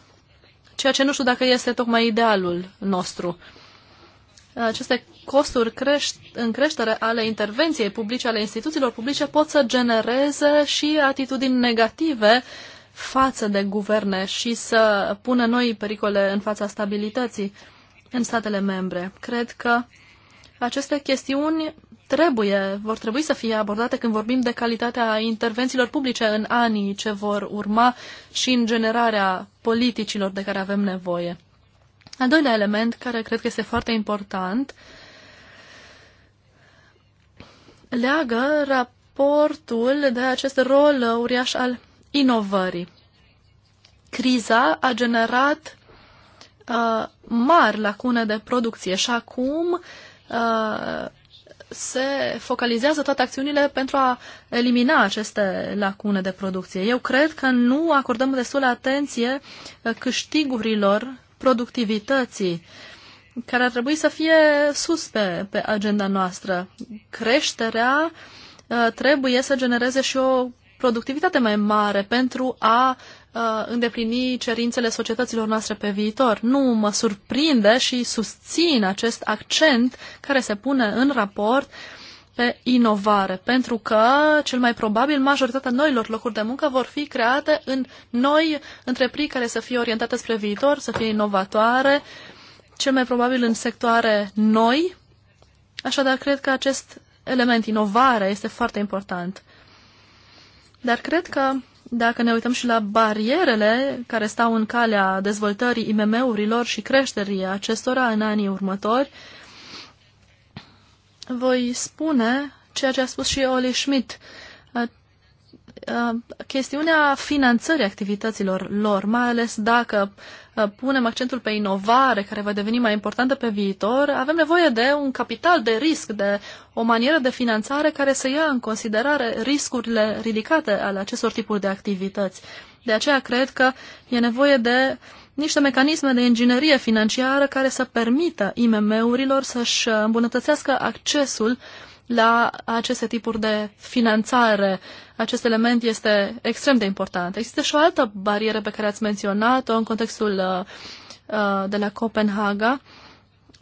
ceea ce nu știu dacă este tocmai idealul nostru aceste costuri creș- în creștere ale intervenției publice, ale instituțiilor publice, pot să genereze și atitudini negative față de guverne și să pună noi pericole în fața stabilității în statele membre. Cred că aceste chestiuni trebuie, vor trebui să fie abordate când vorbim de calitatea intervențiilor publice în anii ce vor urma și în generarea politicilor de care avem nevoie. Al doilea element, care cred că este foarte important, leagă raportul de acest rol uriaș al inovării. Criza a generat uh, mari lacune de producție și acum uh, se focalizează toate acțiunile pentru a elimina aceste lacune de producție. Eu cred că nu acordăm destulă atenție uh, câștigurilor productivității, care ar trebui să fie sus pe, pe agenda noastră. Creșterea uh, trebuie să genereze și o productivitate mai mare pentru a uh, îndeplini cerințele societăților noastre pe viitor. Nu mă surprinde și susțin acest accent care se pune în raport uh, pe inovare, pentru că cel mai probabil majoritatea noilor locuri de muncă vor fi create în noi întreprinderi care să fie orientate spre viitor, să fie inovatoare, cel mai probabil în sectoare noi. Așadar, cred că acest element inovare este foarte important. Dar cred că dacă ne uităm și la barierele care stau în calea dezvoltării IMM-urilor și creșterii acestora în anii următori, uh, voi spune ceea ce a spus și Oli Schmidt. Chestiunea finanțării activităților lor, mai ales dacă punem accentul pe inovare, care va deveni mai importantă pe viitor, avem nevoie de un capital de risc, de o manieră de finanțare care să ia în considerare riscurile ridicate ale acestor tipuri de activități. De aceea cred că e nevoie de uh, niște mecanisme de inginerie financiară care să permită IMM-urilor să-și îmbunătățească accesul la aceste tipuri de finanțare. Acest element este extrem de important. Există și o altă barieră pe care ați menționat-o în contextul uh, uh, de la Copenhaga,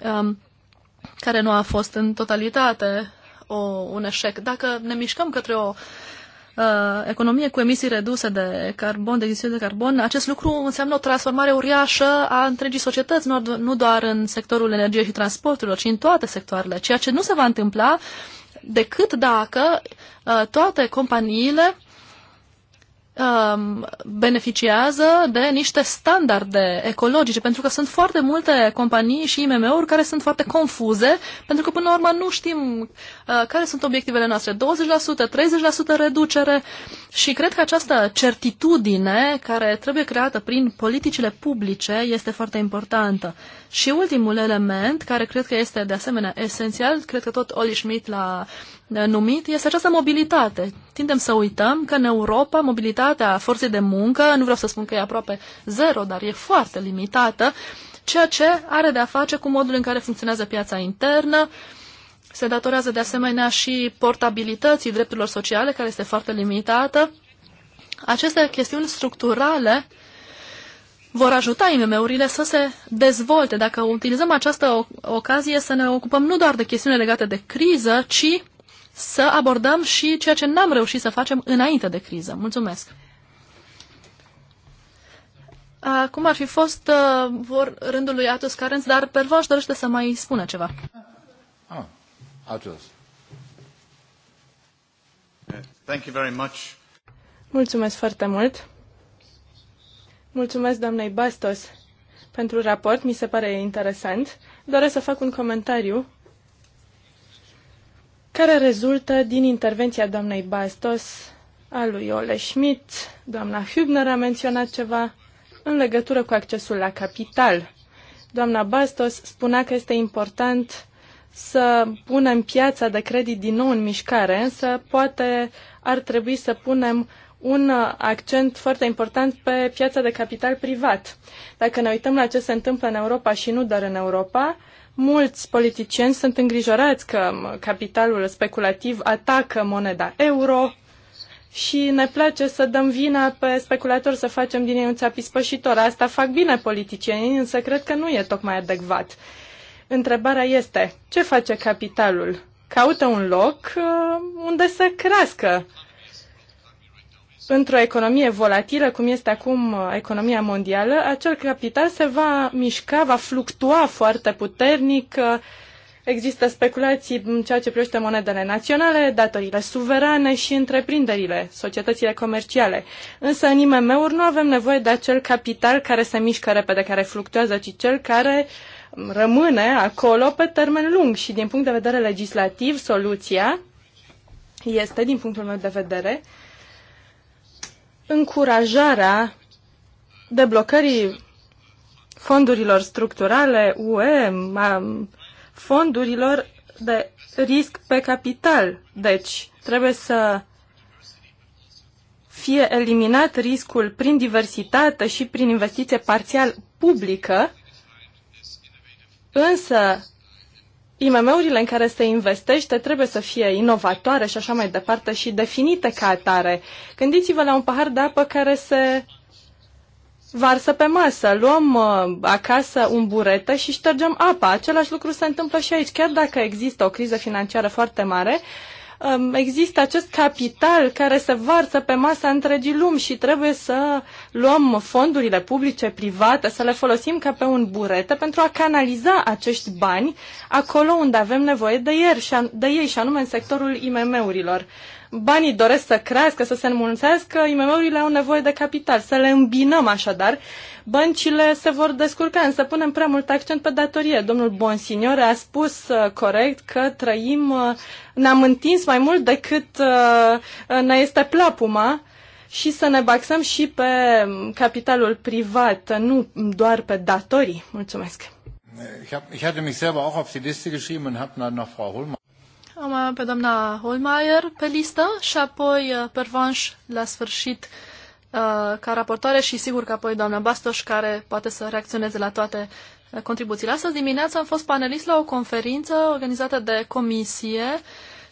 um, care nu a fost în totalitate o, un eșec. Dacă ne mișcăm către o uh, Uh, economie cu emisii reduse de carbon, de emisiuni de carbon, acest lucru înseamnă o transformare uriașă a întregii societăți, nu doar în sectorul energiei și transporturilor, ci în toate sectoarele, ceea ce nu se va întâmpla decât dacă uh, toate companiile Um, beneficiază de niște standarde ecologice, pentru că sunt foarte multe companii și IMM-uri care sunt foarte confuze, pentru că până la urmă nu știm uh, care sunt obiectivele noastre. 20%, 30% reducere și cred că această certitudine care trebuie creată prin politicile publice este foarte importantă. Și ultimul element, care cred că este de asemenea esențial, cred că tot Oli Schmidt l-a numit este această mobilitate. Tindem să uităm că în Europa mobilitatea forței de muncă, nu vreau să spun că e aproape zero, dar e foarte limitată, ceea ce are de-a face cu modul în care funcționează piața internă, se datorează de asemenea și portabilității drepturilor sociale, care este foarte limitată. Aceste chestiuni structurale vor ajuta IMM-urile să se dezvolte. Dacă utilizăm această ocazie să ne ocupăm nu doar de chestiuni legate de criză, ci să abordăm și ceea ce n-am reușit să facem înainte de criză. Mulțumesc! Cum ar fi fost uh, vor, rândul lui Atos Carenț, dar Pervoș dorește să mai spună ceva. Ah, Atos. Thank you very much. Mulțumesc foarte mult. Mulțumesc doamnei Bastos pentru raport, mi se pare interesant. Doresc să fac un comentariu care rezultă din intervenția doamnei Bastos, a lui Ole Schmidt, doamna Hübner a menționat ceva în legătură cu accesul la capital. Doamna Bastos spunea că este important să punem piața de credit din nou în mișcare, însă poate ar trebui să punem un accent foarte important pe piața de capital privat. Dacă ne uităm la ce se întâmplă în Europa și nu doar în Europa, Mulți politicieni sunt îngrijorați că capitalul speculativ atacă moneda euro și ne place să dăm vina pe speculatori, să facem din ei un țapi spășitor. Asta fac bine politicienii, însă cred că nu e tocmai adecvat. Întrebarea este, ce face capitalul? Caută un loc uh, unde să crească Într-o economie volatilă, cum este acum uh, economia mondială, acel capital se va mișca, va fluctua foarte puternic. Uh, Există speculații în ceea ce privește monedele naționale, datorile suverane și întreprinderile, societățile comerciale. Însă în IMM-uri nu avem nevoie de acel capital care se mișcă repede, care fluctuează, ci cel care mm, rămâne acolo pe termen lung. Și din punct de vedere legislativ, soluția este, din punctul meu de vedere, uh, încurajarea deblocării fondurilor structurale UE, fondurilor de risc pe capital. Deci, trebuie să fie eliminat riscul prin diversitate și prin investiție parțial publică, însă IMM-urile în care se investește trebuie să fie inovatoare și așa mai departe și definite ca atare. Gândiți-vă la un pahar de apă care se varsă pe masă. Luăm uh, acasă un burete și ștergem apa. Același lucru se întâmplă și aici. Chiar dacă există o criză financiară foarte mare, uh, Um, există acest capital care se varsă pe masa întregii lumi și trebuie să luăm fondurile publice, private, să le folosim ca pe un burete pentru a canaliza acești bani acolo unde avem nevoie de, și de ei, și anume în sectorul IMM-urilor banii doresc să crească, să se înmulțească, IMM-urile au nevoie de capital. Să le îmbinăm așadar. Băncile se vor descurca, însă punem prea mult accent pe datorie. Domnul Bonsignor a spus uh, corect că trăim, uh, ne-am întins mai mult decât uh, ne este plapuma și să ne baxăm și pe um, capitalul privat, nu doar pe datorii. Mulțumesc! Ich, hatte mich selber auch auf die Liste geschrieben und habe dann noch Frau Hohlmann am uh, pe doamna Holmeier pe listă și apoi uh, Pervanș la sfârșit uh, ca raportoare și sigur că apoi doamna Bastoș care poate să reacționeze la toate contribuțiile. Astăzi dimineața am fost panelist la o conferință organizată de comisie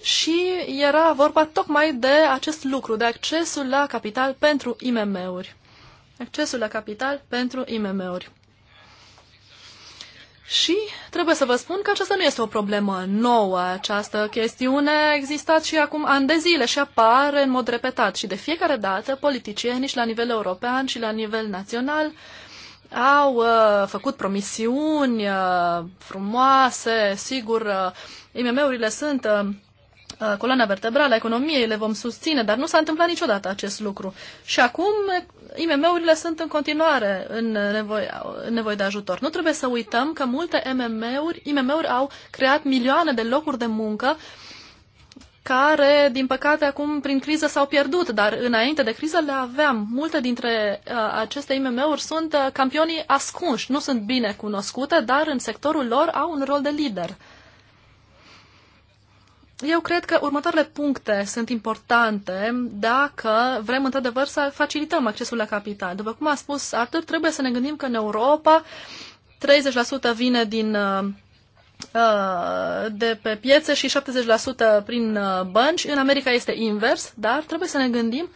și era vorba tocmai de acest lucru, de accesul la capital pentru IMM-uri. Accesul la capital pentru IMM-uri. Și trebuie să vă spun că aceasta nu este o problemă nouă. Această chestiune a existat și acum ani de zile și apare în mod repetat. Și de fiecare dată politicienii și la nivel european și la nivel național au uh, făcut promisiuni uh, frumoase. Sigur, uh, IMM-urile sunt uh, Uh, coloana vertebrală a economiei, le vom susține, dar nu s-a întâmplat niciodată acest lucru. Și acum IMM-urile sunt în continuare în nevoie, în nevoie de ajutor. Nu trebuie să uităm că multe imm uri IMM-uri au creat milioane de locuri de muncă care, din păcate, acum prin criză s-au pierdut, dar înainte de criză le aveam. Multe dintre uh, aceste IMM-uri sunt uh, campionii ascunși, nu sunt bine cunoscute, dar în sectorul lor au un rol de lider eu cred că următoarele puncte sunt importante dacă vrem într-adevăr să facilităm accesul la capital. După cum a spus Arthur, trebuie să ne gândim că în Europa 30% vine din uh, uh, de pe piețe și 70% prin uh, bănci. În America este invers, dar trebuie să ne gândim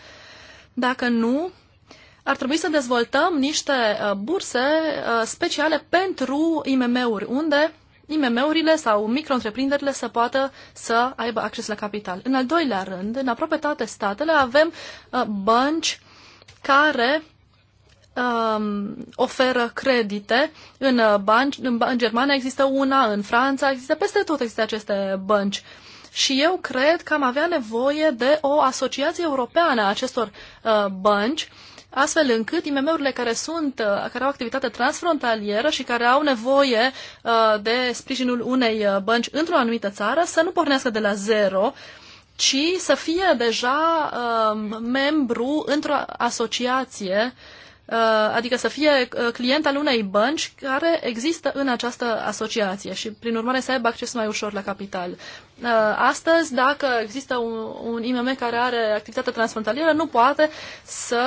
dacă nu ar trebui să dezvoltăm niște burse speciale pentru IMM-uri, unde IMM-urile sau micro-întreprinderile să poată să aibă acces la capital. În al doilea rând, în aproape toate statele avem uh, bănci care um, oferă credite. În, uh, banci, în, în Germania există una, în Franța există, peste tot există aceste bănci. Și eu cred că am avea nevoie de o asociație europeană a acestor uh, bănci astfel încât IMM-urile care sunt, uh, care au activitate transfrontalieră și care au nevoie uh, de sprijinul unei uh, bănci într-o anumită țară să nu pornească de la zero, ci să fie deja um, membru într-o asociație adică să fie client al unei bănci care există în această asociație și, prin urmare, să aibă acces mai ușor la capital. Uh, astăzi, dacă există un, un IMM care are activitate transfrontalieră, nu poate să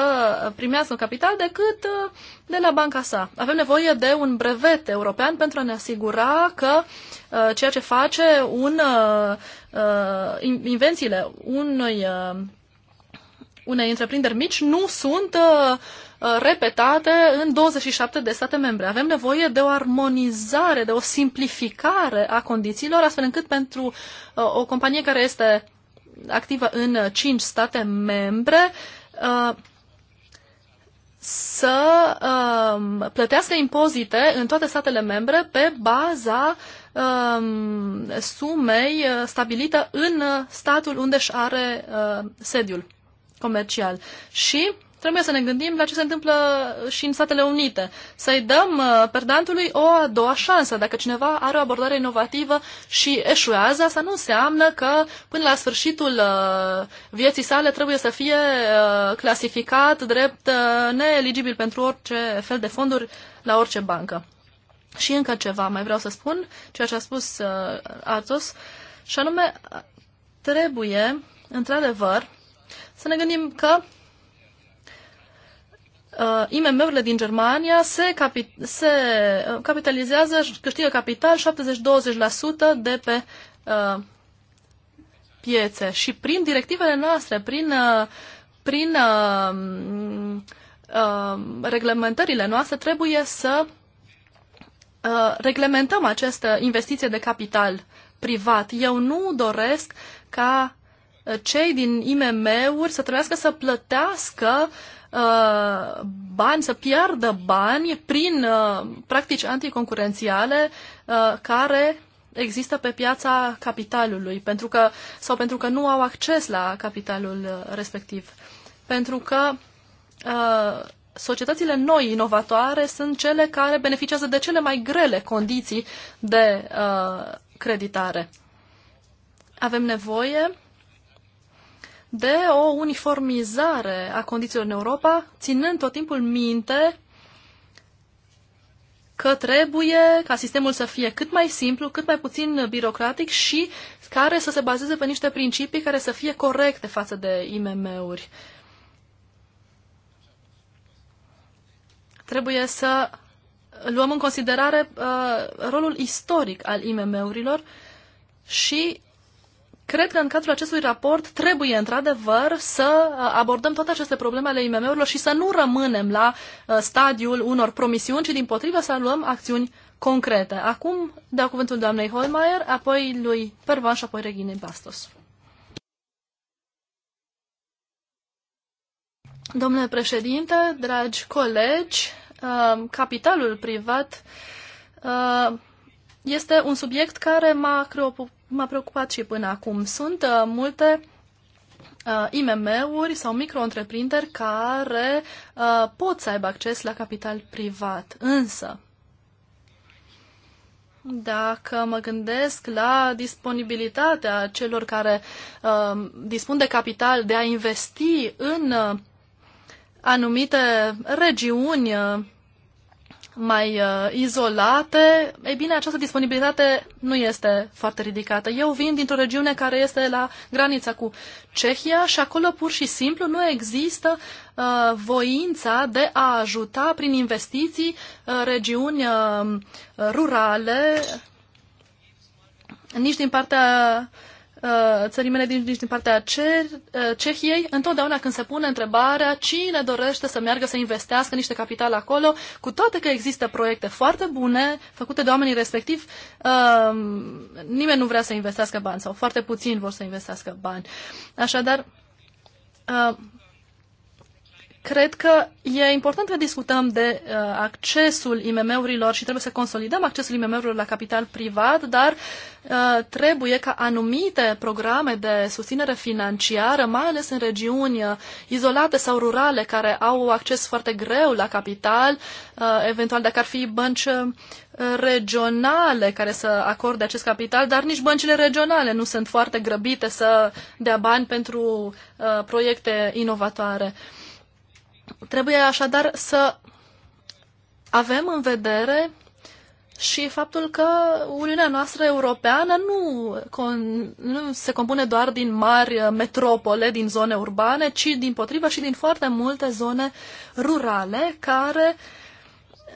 primească un capital decât uh, de la banca sa. Avem nevoie de un brevet european pentru a ne asigura că uh, ceea ce face un uh, invențiile unui, uh, unei întreprinderi mici nu sunt uh, Uh, repetate în 27 de state membre. Avem nevoie de o armonizare, de o simplificare a condițiilor, astfel încât pentru uh, o companie care este activă în 5 state membre uh, să um, plătească impozite în toate statele membre pe baza um, sumei stabilită în statul unde își are sediul comercial. Și trebuie să ne gândim la ce se întâmplă și în Statele Unite. Să-i dăm uh, perdantului o a doua șansă. Dacă cineva are o abordare inovativă și eșuează, asta nu înseamnă că până la sfârșitul uh, vieții sale trebuie să fie uh, clasificat drept neeligibil pentru orice fel de fonduri la orice bancă. Și încă ceva mai vreau să spun, ceea ce a spus uh, Atos, și anume trebuie, într-adevăr, să ne gândim că uh, IMM-urile din Germania se, capi- se uh, capitalizează capitalizează, câștigă capital 70-20% de pe uh, piețe. Și prin directivele noastre, prin, uh, prin uh, uh, reglementările noastre, trebuie să uh, reglementăm această investiție de capital privat. Eu nu doresc ca uh, cei din IMM-uri să trebuiască să plătească Uh, bani, să piardă bani prin uh, practici anticoncurențiale uh, care există pe piața capitalului pentru că, sau pentru că nu au acces la capitalul respectiv. Pentru că societățile noi, inovatoare, sunt cele care beneficiază de cele mai grele condiții de creditare. Avem nevoie de o uniformizare a condițiilor în Europa, ținând tot timpul minte că trebuie ca sistemul să fie cât mai simplu, cât mai puțin birocratic și care să se bazeze pe niște principii care să fie corecte față de IMM-uri. Trebuie să luăm în considerare uh, rolul istoric al IMM-urilor și Cred că în cadrul acestui raport trebuie, într-adevăr, să uh, abordăm toate aceste probleme ale IMM-urilor și să nu rămânem la uh, stadiul unor promisiuni, ci din potrivă să luăm acțiuni concrete. Acum dau cuvântul doamnei Holmeier, apoi lui Pervan și apoi Reginei Bastos. Domnule președinte, dragi colegi, uh, capitalul privat este un subiect care m-a m-a preocupat și până acum. Sunt uh, multe uh, IMM-uri sau micro-întreprinderi care uh, pot să aibă acces la capital privat, însă dacă mă gândesc la disponibilitatea celor care uh, dispun de capital de a investi în uh, anumite regiuni uh, mai uh, izolate, e bine, această disponibilitate nu este foarte ridicată. Eu vin dintr-o regiune care este la granița cu Cehia și acolo pur și simplu nu există uh, voința de a ajuta prin investiții uh, regiuni uh, rurale, nici din partea uh, Uh, țării mele din, din partea cer, uh, Cehiei, întotdeauna când se pune întrebarea cine dorește să meargă să investească niște capital acolo, cu toate că există proiecte foarte bune făcute de oamenii respectiv, uh, nimeni nu vrea să investească bani sau foarte puțin vor să investească bani. Așadar, cred că e important că discutăm de uh, accesul IMM-urilor și trebuie să consolidăm accesul IMM-urilor la capital privat, dar uh, trebuie ca anumite programe de susținere financiară, mai ales în regiuni uh, izolate sau rurale, care au acces foarte greu la capital, uh, eventual dacă ar fi bănci uh, regionale care să acorde acest capital, dar nici băncile regionale nu sunt foarte grăbite să dea bani pentru uh, proiecte inovatoare. Uh, Trebuie așadar să avem în vedere și faptul că Uniunea noastră europeană nu, con, nu se compune doar din mari metropole, din zone urbane, ci din potrivă și din foarte multe zone rurale care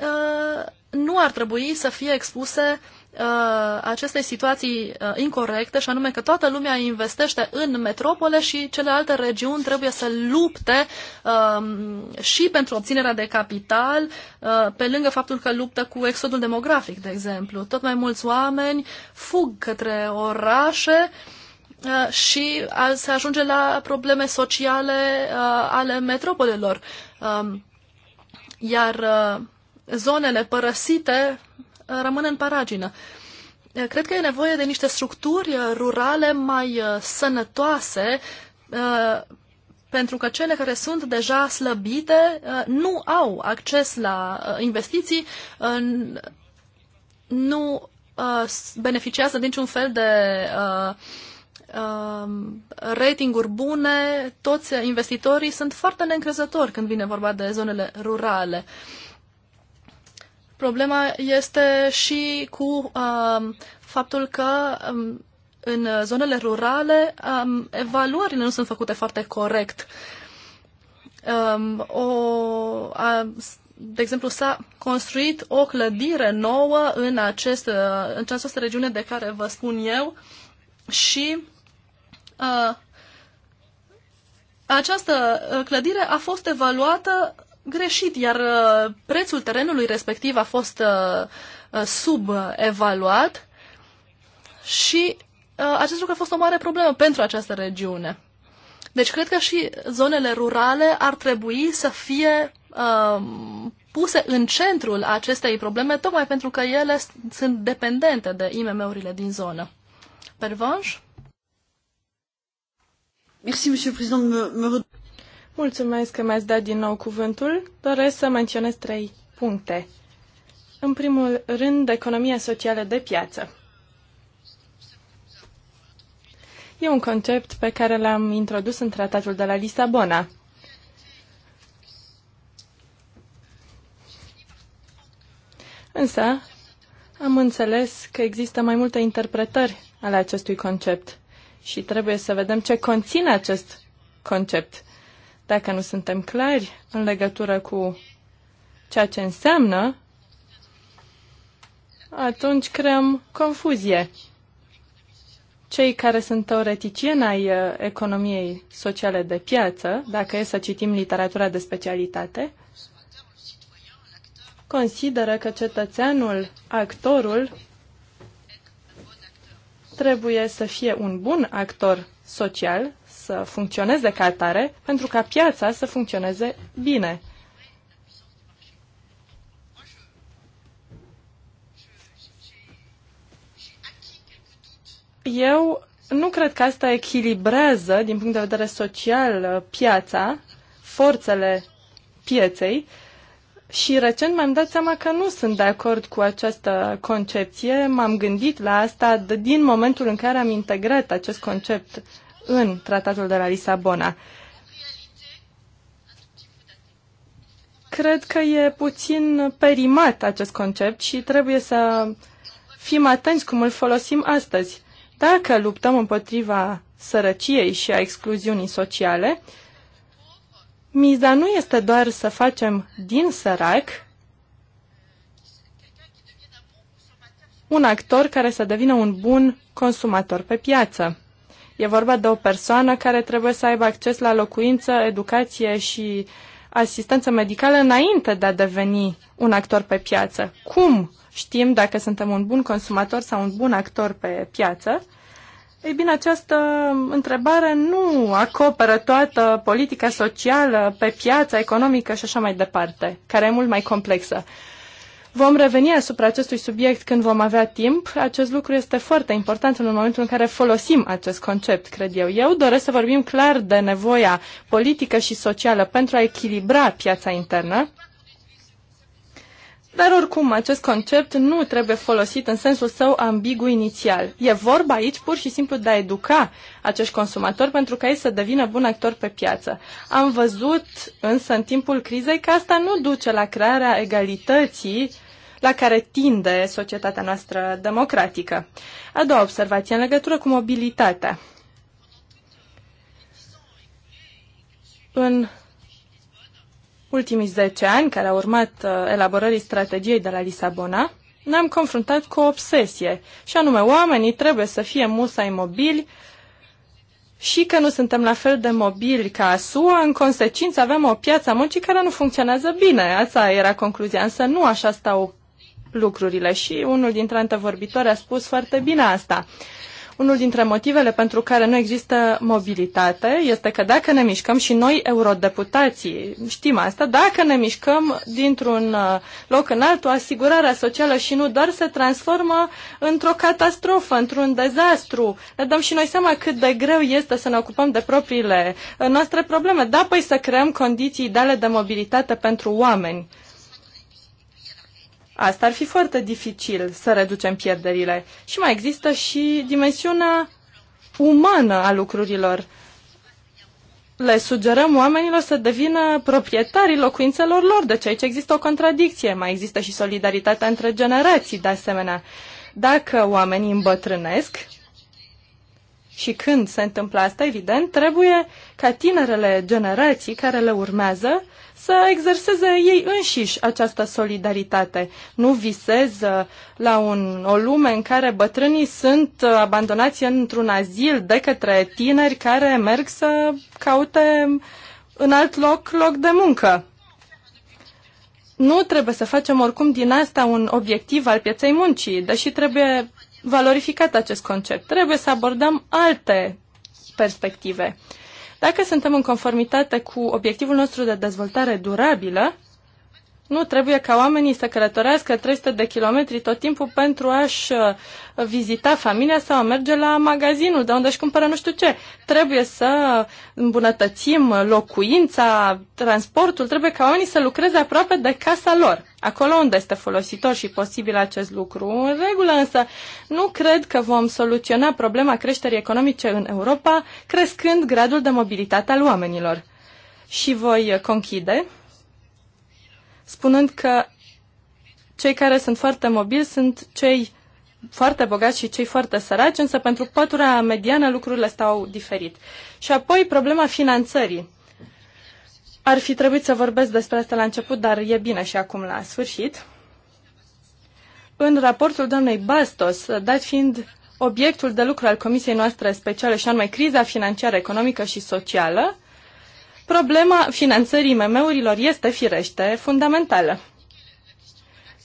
uh, nu ar trebui să fie expuse uh, Uh, acestei situații uh, incorrecte, și anume că toată lumea investește în metropole și celelalte regiuni trebuie să lupte um, și pentru obținerea de capital, uh, pe lângă faptul că luptă cu exodul demografic, de exemplu. Tot mai mulți oameni fug către orașe și se ajunge la probleme sociale ale metropolelor. Um, iar zonele părăsite rămâne în paragină. Cred că e nevoie de niște structuri rurale mai uh, sănătoase, uh, pentru că cele care sunt deja slăbite uh, nu au acces la investiții, nu beneficiază niciun fel de um, ratinguri bune, toți investitorii sunt foarte neîncrezători când vine vorba de zonele rurale. Problema este și cu um, faptul că um, în zonele rurale um, evaluările nu sunt făcute foarte corect. Um, o, a, de exemplu, s-a construit o clădire nouă în, acest, uh, în această regiune de care vă spun eu și uh, această uh, clădire a fost evaluată greșit, iar uh, prețul terenului respectiv a fost uh, uh, subevaluat și acest lucru a fost o mare problemă pentru această regiune. Deci cred că și zonele rurale ar trebui să fie um, puse în centrul acestei probleme, tocmai pentru că ele sunt dependente de IMM-urile din zonă. Pervanș? Mersi, Monsieur le Président, de me, me Mulțumesc că mi-ați dat din nou cuvântul. Doresc să menționez trei puncte. În primul rând, economia socială de piață. E un concept pe care l-am introdus în tratatul de la Lisabona. Însă, am înțeles că există mai multe interpretări ale acestui concept și trebuie să vedem ce conține acest concept. Dacă nu suntem clari în legătură cu ceea ce înseamnă, atunci creăm confuzie. Cei care sunt teoreticieni ai uh, economiei sociale de piață, dacă e să citim literatura de specialitate, consideră că cetățeanul, actorul, trebuie să fie un bun actor social, să funcționeze ca atare pentru ca piața să funcționeze bine. Eu nu cred că asta echilibrează, din punct de vedere social, piața, forțele pieței și recent m am dat seama că nu sunt de acord cu această concepție. M-am gândit la asta din momentul în care am integrat acest concept în tratatul de la Lisabona. Cred că e puțin perimat acest concept și trebuie să fim atenți cum îl folosim astăzi. Dacă luptăm împotriva sărăciei și a excluziunii sociale, miza nu este doar să facem din sărac un actor care să devină un bun consumator pe piață. E vorba de o persoană care trebuie să aibă acces la locuință, educație și asistență medicală înainte de a deveni un actor pe piață. Cum știm dacă suntem un bun consumator sau un bun actor pe piață? Ei bine, această întrebare nu acoperă toată politica socială pe piața economică și așa mai departe, care e mult mai complexă. Vom reveni asupra acestui subiect când vom avea timp. Acest lucru este foarte important în momentul în care folosim acest concept, cred eu. Eu doresc să vorbim clar de nevoia politică și socială pentru a echilibra piața internă dar oricum, acest concept nu trebuie folosit în sensul său ambigu inițial. E vorba aici pur și simplu de a educa acești consumatori pentru ca ei să devină buni actori pe piață. Am văzut însă în timpul crizei că asta nu duce la crearea egalității la care tinde societatea noastră democratică. A doua observație în legătură cu mobilitatea. În ultimii 10 ani, care au urmat uh, elaborării strategiei de la Lisabona, ne-am confruntat cu o obsesie, și anume oamenii trebuie să fie musai mobili și că nu suntem la fel de mobili ca SUA, în consecință avem o piață a muncii care nu funcționează bine. Asta era concluzia, însă nu așa stau lucrurile și unul dintre antevorbitori a spus foarte bine asta. Unul dintre motivele pentru care nu există mobilitate este că dacă ne mișcăm și noi, eurodeputații, știm asta, dacă ne mișcăm dintr-un uh, loc în altul, asigurarea socială și nu doar se transformă într-o catastrofă, într-un dezastru. Ne dăm și noi seama cât de greu este să ne ocupăm de propriile uh, noastre probleme. Da, păi să creăm condiții ideale de mobilitate pentru oameni. Asta ar fi foarte dificil să reducem pierderile. Și mai există și dimensiunea umană a lucrurilor. Le sugerăm oamenilor să devină proprietarii locuințelor lor, deci aici există o contradicție. Mai există și solidaritatea între generații, de asemenea. Dacă oamenii îmbătrânesc, și când se întâmplă asta, evident, trebuie ca tinerele generații care le urmează să exerseze ei înșiși această solidaritate. Nu visez uh, la un, o lume în care bătrânii sunt uh, abandonați într-un azil de către tineri care merg să caute în alt loc loc de muncă. Nu trebuie să facem oricum din asta un obiectiv al pieței muncii, deși trebuie valorificat acest concept. Trebuie să abordăm alte perspective. Dacă suntem în conformitate cu obiectivul nostru de dezvoltare durabilă, nu trebuie ca oamenii să călătorească 300 de kilometri tot timpul pentru a-și uh, vizita familia sau a merge la magazinul de unde își cumpără nu știu ce. Trebuie să îmbunătățim locuința, transportul, trebuie ca oamenii să lucreze aproape de casa lor acolo unde este folositor și posibil acest lucru. În regulă însă nu cred că vom soluționa problema creșterii economice în Europa crescând gradul de mobilitate al oamenilor. Și voi conchide spunând că cei care sunt foarte mobili sunt cei foarte bogați și cei foarte săraci, însă pentru pătura mediană lucrurile stau diferit. Și apoi problema finanțării. Ar fi trebuit să vorbesc despre asta la început, dar e bine și acum la sfârșit. În raportul doamnei Bastos, dat fiind obiectul de lucru al comisiei noastre speciale și anume criza financiară, economică și socială, problema finanțării MM-urilor este firește fundamentală.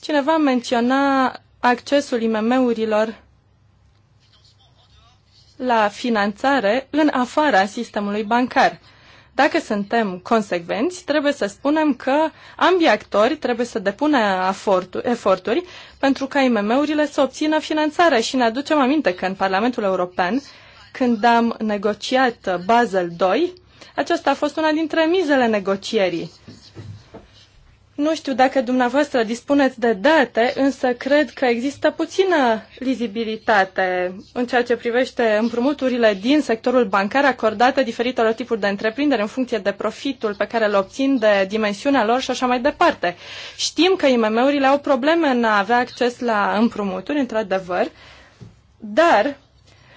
Cineva menționa accesul IMM-urilor la finanțare în afara sistemului bancar. Dacă suntem consecvenți, trebuie să spunem că ambii actori trebuie să depună eforturi pentru ca IMM-urile să obțină finanțarea și ne aducem aminte că în Parlamentul European, când am negociat Basel II, aceasta a fost una dintre mizele negocierii nu știu dacă dumneavoastră dispuneți de date, însă cred că există puțină lizibilitate în ceea ce privește împrumuturile din sectorul bancar acordate diferitelor tipuri de întreprinderi în funcție de profitul pe care îl obțin, de dimensiunea lor și așa mai departe. Știm că IMM-urile au probleme în a avea acces la împrumuturi, într-adevăr, dar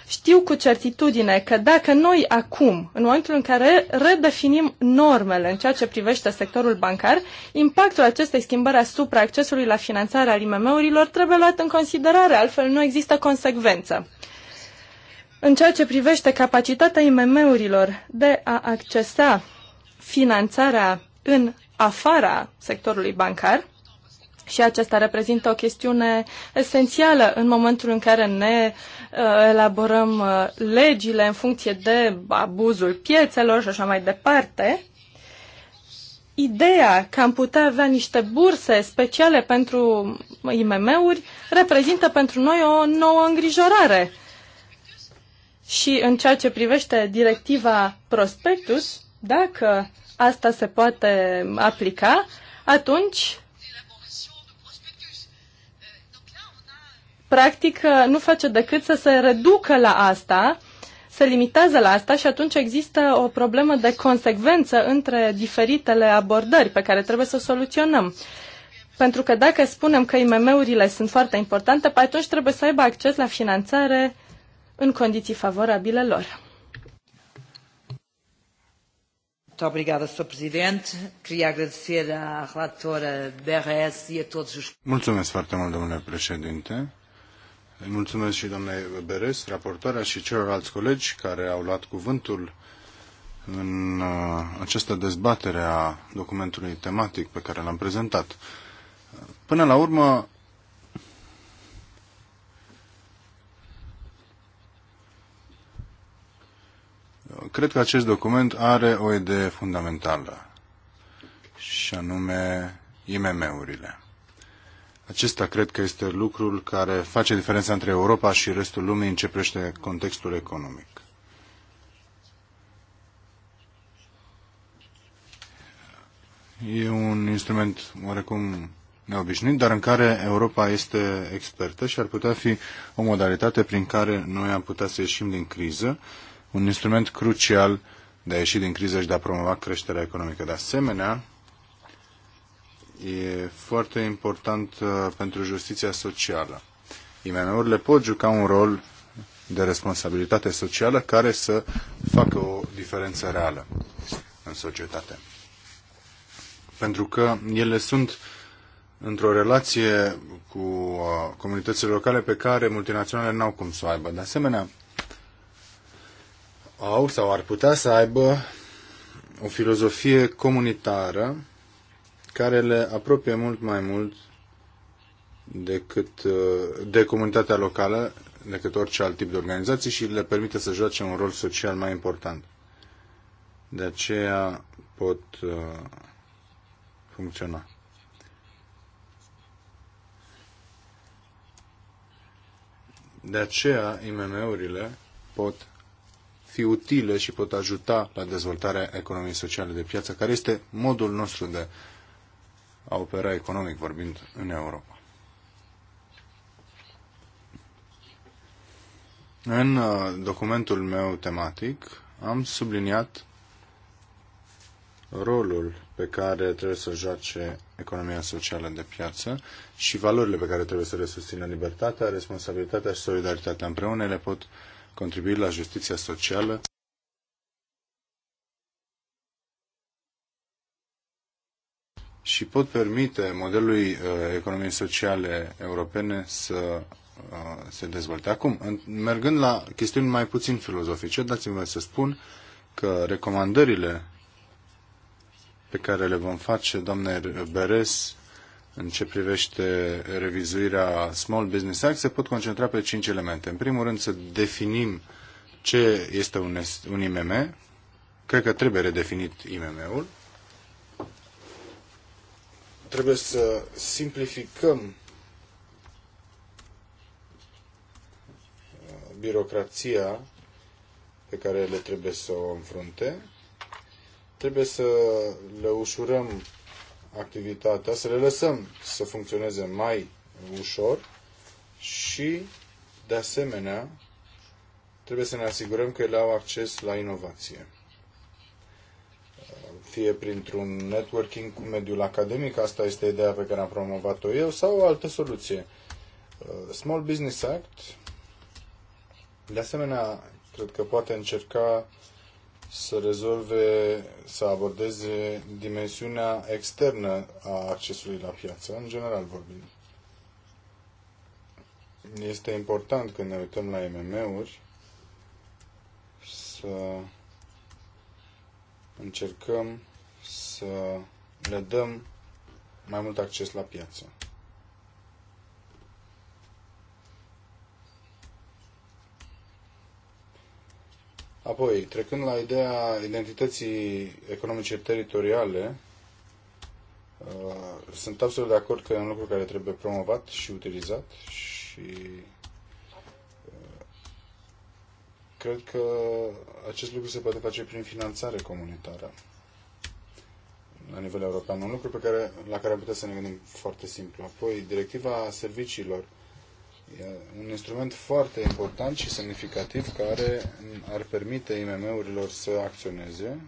știu cu certitudine că dacă noi acum, în momentul în care redefinim normele în ceea ce privește sectorul bancar, impactul acestei schimbări asupra accesului la finanțare al IMM-urilor trebuie luat în considerare, altfel nu există consecvență. În ceea ce privește capacitatea IMM-urilor de a accesa finanțarea în afara sectorului bancar, și aceasta reprezintă o chestiune esențială în momentul în care ne uh, elaborăm uh, legile în funcție de abuzul piețelor și așa mai departe. Ideea că am putea avea niște burse speciale pentru IMM-uri reprezintă pentru noi o nouă îngrijorare. Și în ceea ce privește directiva prospectus, dacă asta se poate aplica, atunci practic uh, nu face decât să se reducă la asta, se limitează la asta și atunci există o problemă de consecvență între diferitele abordări pe care trebuie să o soluționăm. Pentru că dacă spunem că IMM-urile sunt foarte importante, atunci trebuie să aibă acces la finanțare în condiții favorabile lor. Muito obrigada, Sr. Presidente. Queria agradecer à relatora BRS e a todos os... Mulțumesc foarte mult, domnule președinte. Îi mulțumesc și doamnei Beres, raportoarea și celorlalți colegi care au luat cuvântul în uh, această dezbatere a documentului tematic pe care l-am prezentat. Până la urmă, cred că acest document are o idee fundamentală, și anume IMM-urile. Acesta cred că este lucrul care face diferența între Europa și restul lumii în ce privește contextul economic. E un instrument oarecum neobișnuit, dar în care Europa este expertă și ar putea fi o modalitate prin care noi am putea să ieșim din criză, un instrument crucial de a ieși din criză și de a promova creșterea economică. De asemenea, e foarte important uh, pentru justiția socială. IMM-urile pot juca un rol de responsabilitate socială care să facă o diferență reală în societate. Pentru că ele sunt într-o relație cu uh, comunitățile locale pe care multinaționalele n-au cum să o aibă. De asemenea, au sau ar putea să aibă o filozofie comunitară care le apropie mult mai mult decât uh, de comunitatea locală, decât orice alt tip de organizații și le permite să joace un rol social mai important. De aceea pot uh, funcționa. De aceea IMM-urile pot fi utile și pot ajuta la dezvoltarea economiei sociale de piață, care este modul nostru de a opera economic vorbind în Europa. În uh, documentul meu tematic am subliniat rolul pe care trebuie să joace economia socială de piață și valorile pe care trebuie să le susțină libertatea, responsabilitatea și solidaritatea. Împreună le pot contribui la justiția socială și pot permite modelului uh, economiei sociale europene să uh, se dezvolte. Acum, mergând la chestiuni mai puțin filozofice, dați-mi să spun că recomandările pe care le vom face, doamne Beres, în ce privește revizuirea Small Business Act, se pot concentra pe cinci elemente. În primul rând, să definim ce este un, un IMM. Cred că trebuie redefinit IMM-ul trebuie să simplificăm uh, birocrația pe care ele trebuie să o înfrunte, trebuie să le ușurăm activitatea, să le lăsăm să funcționeze mai ușor și, de asemenea, trebuie să ne asigurăm că ele au acces la inovație fie printr-un networking cu mediul academic, asta este ideea pe care am promovat-o eu, sau o altă soluție. Uh, Small Business Act, de asemenea, cred că poate încerca să rezolve, să abordeze dimensiunea externă a accesului la piață, în general vorbind. Este important când ne uităm la MM-uri să încercăm să le dăm mai mult acces la piață. Apoi, trecând la ideea identității economice teritoriale, uh, sunt absolut de acord că e un lucru care trebuie promovat și utilizat și Cred că acest lucru se poate face prin finanțare comunitară la nivel european. Un lucru pe care, la care am putea să ne gândim foarte simplu. Apoi, directiva serviciilor e un instrument foarte important și semnificativ care ar permite IMM-urilor să acționeze.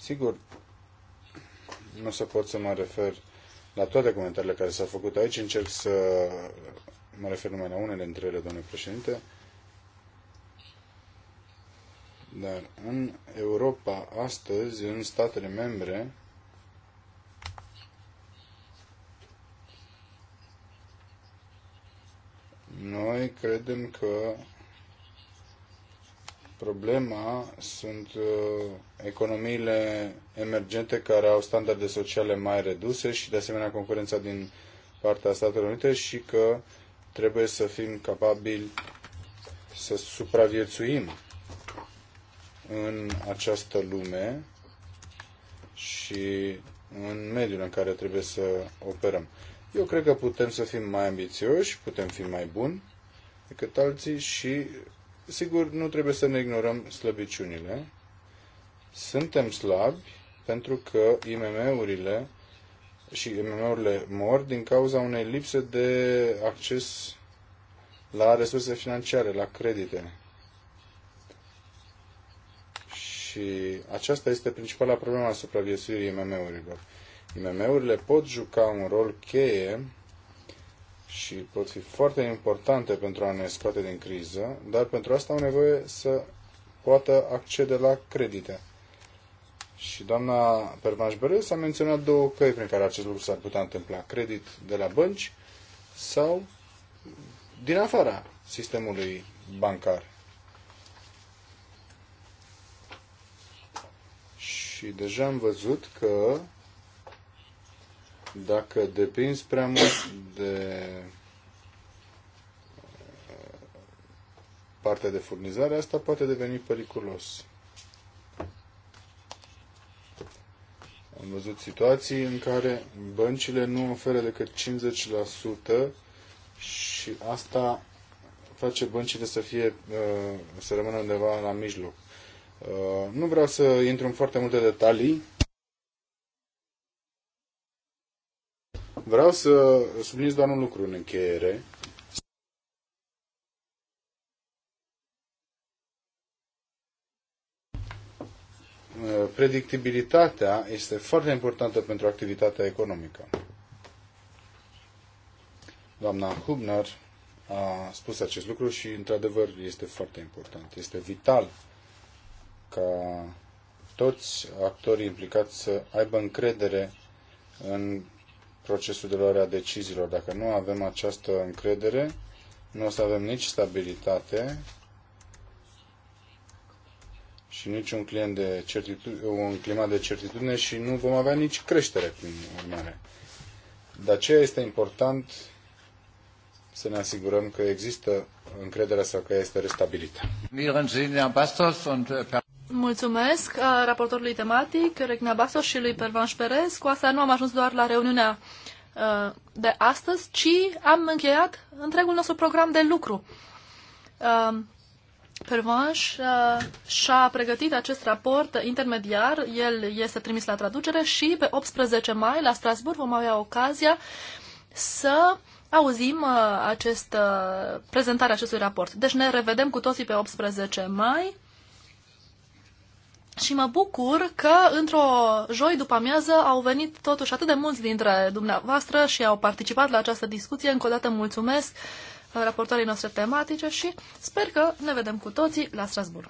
Sigur, nu o să pot să mă refer la toate comentariile care s-au făcut aici. Încerc să mă refer numai la unele dintre ele, domnule președinte. Dar în Europa, astăzi, în statele membre, noi credem că problema sunt uh, economiile emergente care au standarde sociale mai reduse și, de asemenea, concurența din partea Statelor Unite și că trebuie să fim capabili să supraviețuim în această lume și în mediul în care trebuie să operăm. Eu cred că putem să fim mai ambițioși, putem fi mai buni decât alții și, sigur, nu trebuie să ne ignorăm slăbiciunile. Suntem slabi pentru că IMM-urile și IMM-urile mor din cauza unei lipse de acces la resurse financiare, la credite. Și aceasta este principala problemă a supraviețuirii IMM-urilor. IMM-urile pot juca un rol cheie și pot fi foarte importante pentru a ne scoate din criză, dar pentru asta au nevoie să poată accede la credite. Și doamna Permaș Bărâs a menționat două căi prin care acest lucru s-ar putea întâmpla. Credit de la bănci sau din afara sistemului bancar. Și deja am văzut că dacă depinzi prea mult de uh, partea de furnizare, asta poate deveni periculos. Am văzut situații în care băncile nu oferă decât 50% și asta face băncile să fie uh, să rămână undeva la mijloc. Uh, nu vreau să intru în foarte multe detalii. Vreau să subliniez doar un lucru în încheiere. Uh, predictibilitatea este foarte importantă pentru activitatea economică. Doamna Hubner a spus acest lucru și, într-adevăr, este foarte important, este vital ca toți actorii implicați să aibă încredere în procesul de luare a deciziilor. Dacă nu avem această încredere, nu o să avem nici stabilitate și nici un, client de un climat de certitudine și nu vom avea nici creștere prin urmare. De aceea este important să ne asigurăm că există încrederea sau că este restabilită. Mulțumesc uh, raportorului tematic, Regina Basos și lui Pervan Perez. Cu asta nu am ajuns doar la reuniunea uh, de astăzi, ci am încheiat întregul nostru program de lucru. Uh, Pervanș și-a pregătit acest raport intermediar, el este trimis la traducere și pe 18 mai la Strasburg vom avea ocazia să auzim acest, prezentarea acestui raport. Deci ne revedem cu toții pe 18 mai. Și mă bucur că într-o joi după amiază au venit totuși atât de mulți dintre dumneavoastră și au participat la această discuție. Încă o dată mulțumesc uh, raportoarei noastre tematice și sper că ne vedem cu toții la Strasbourg.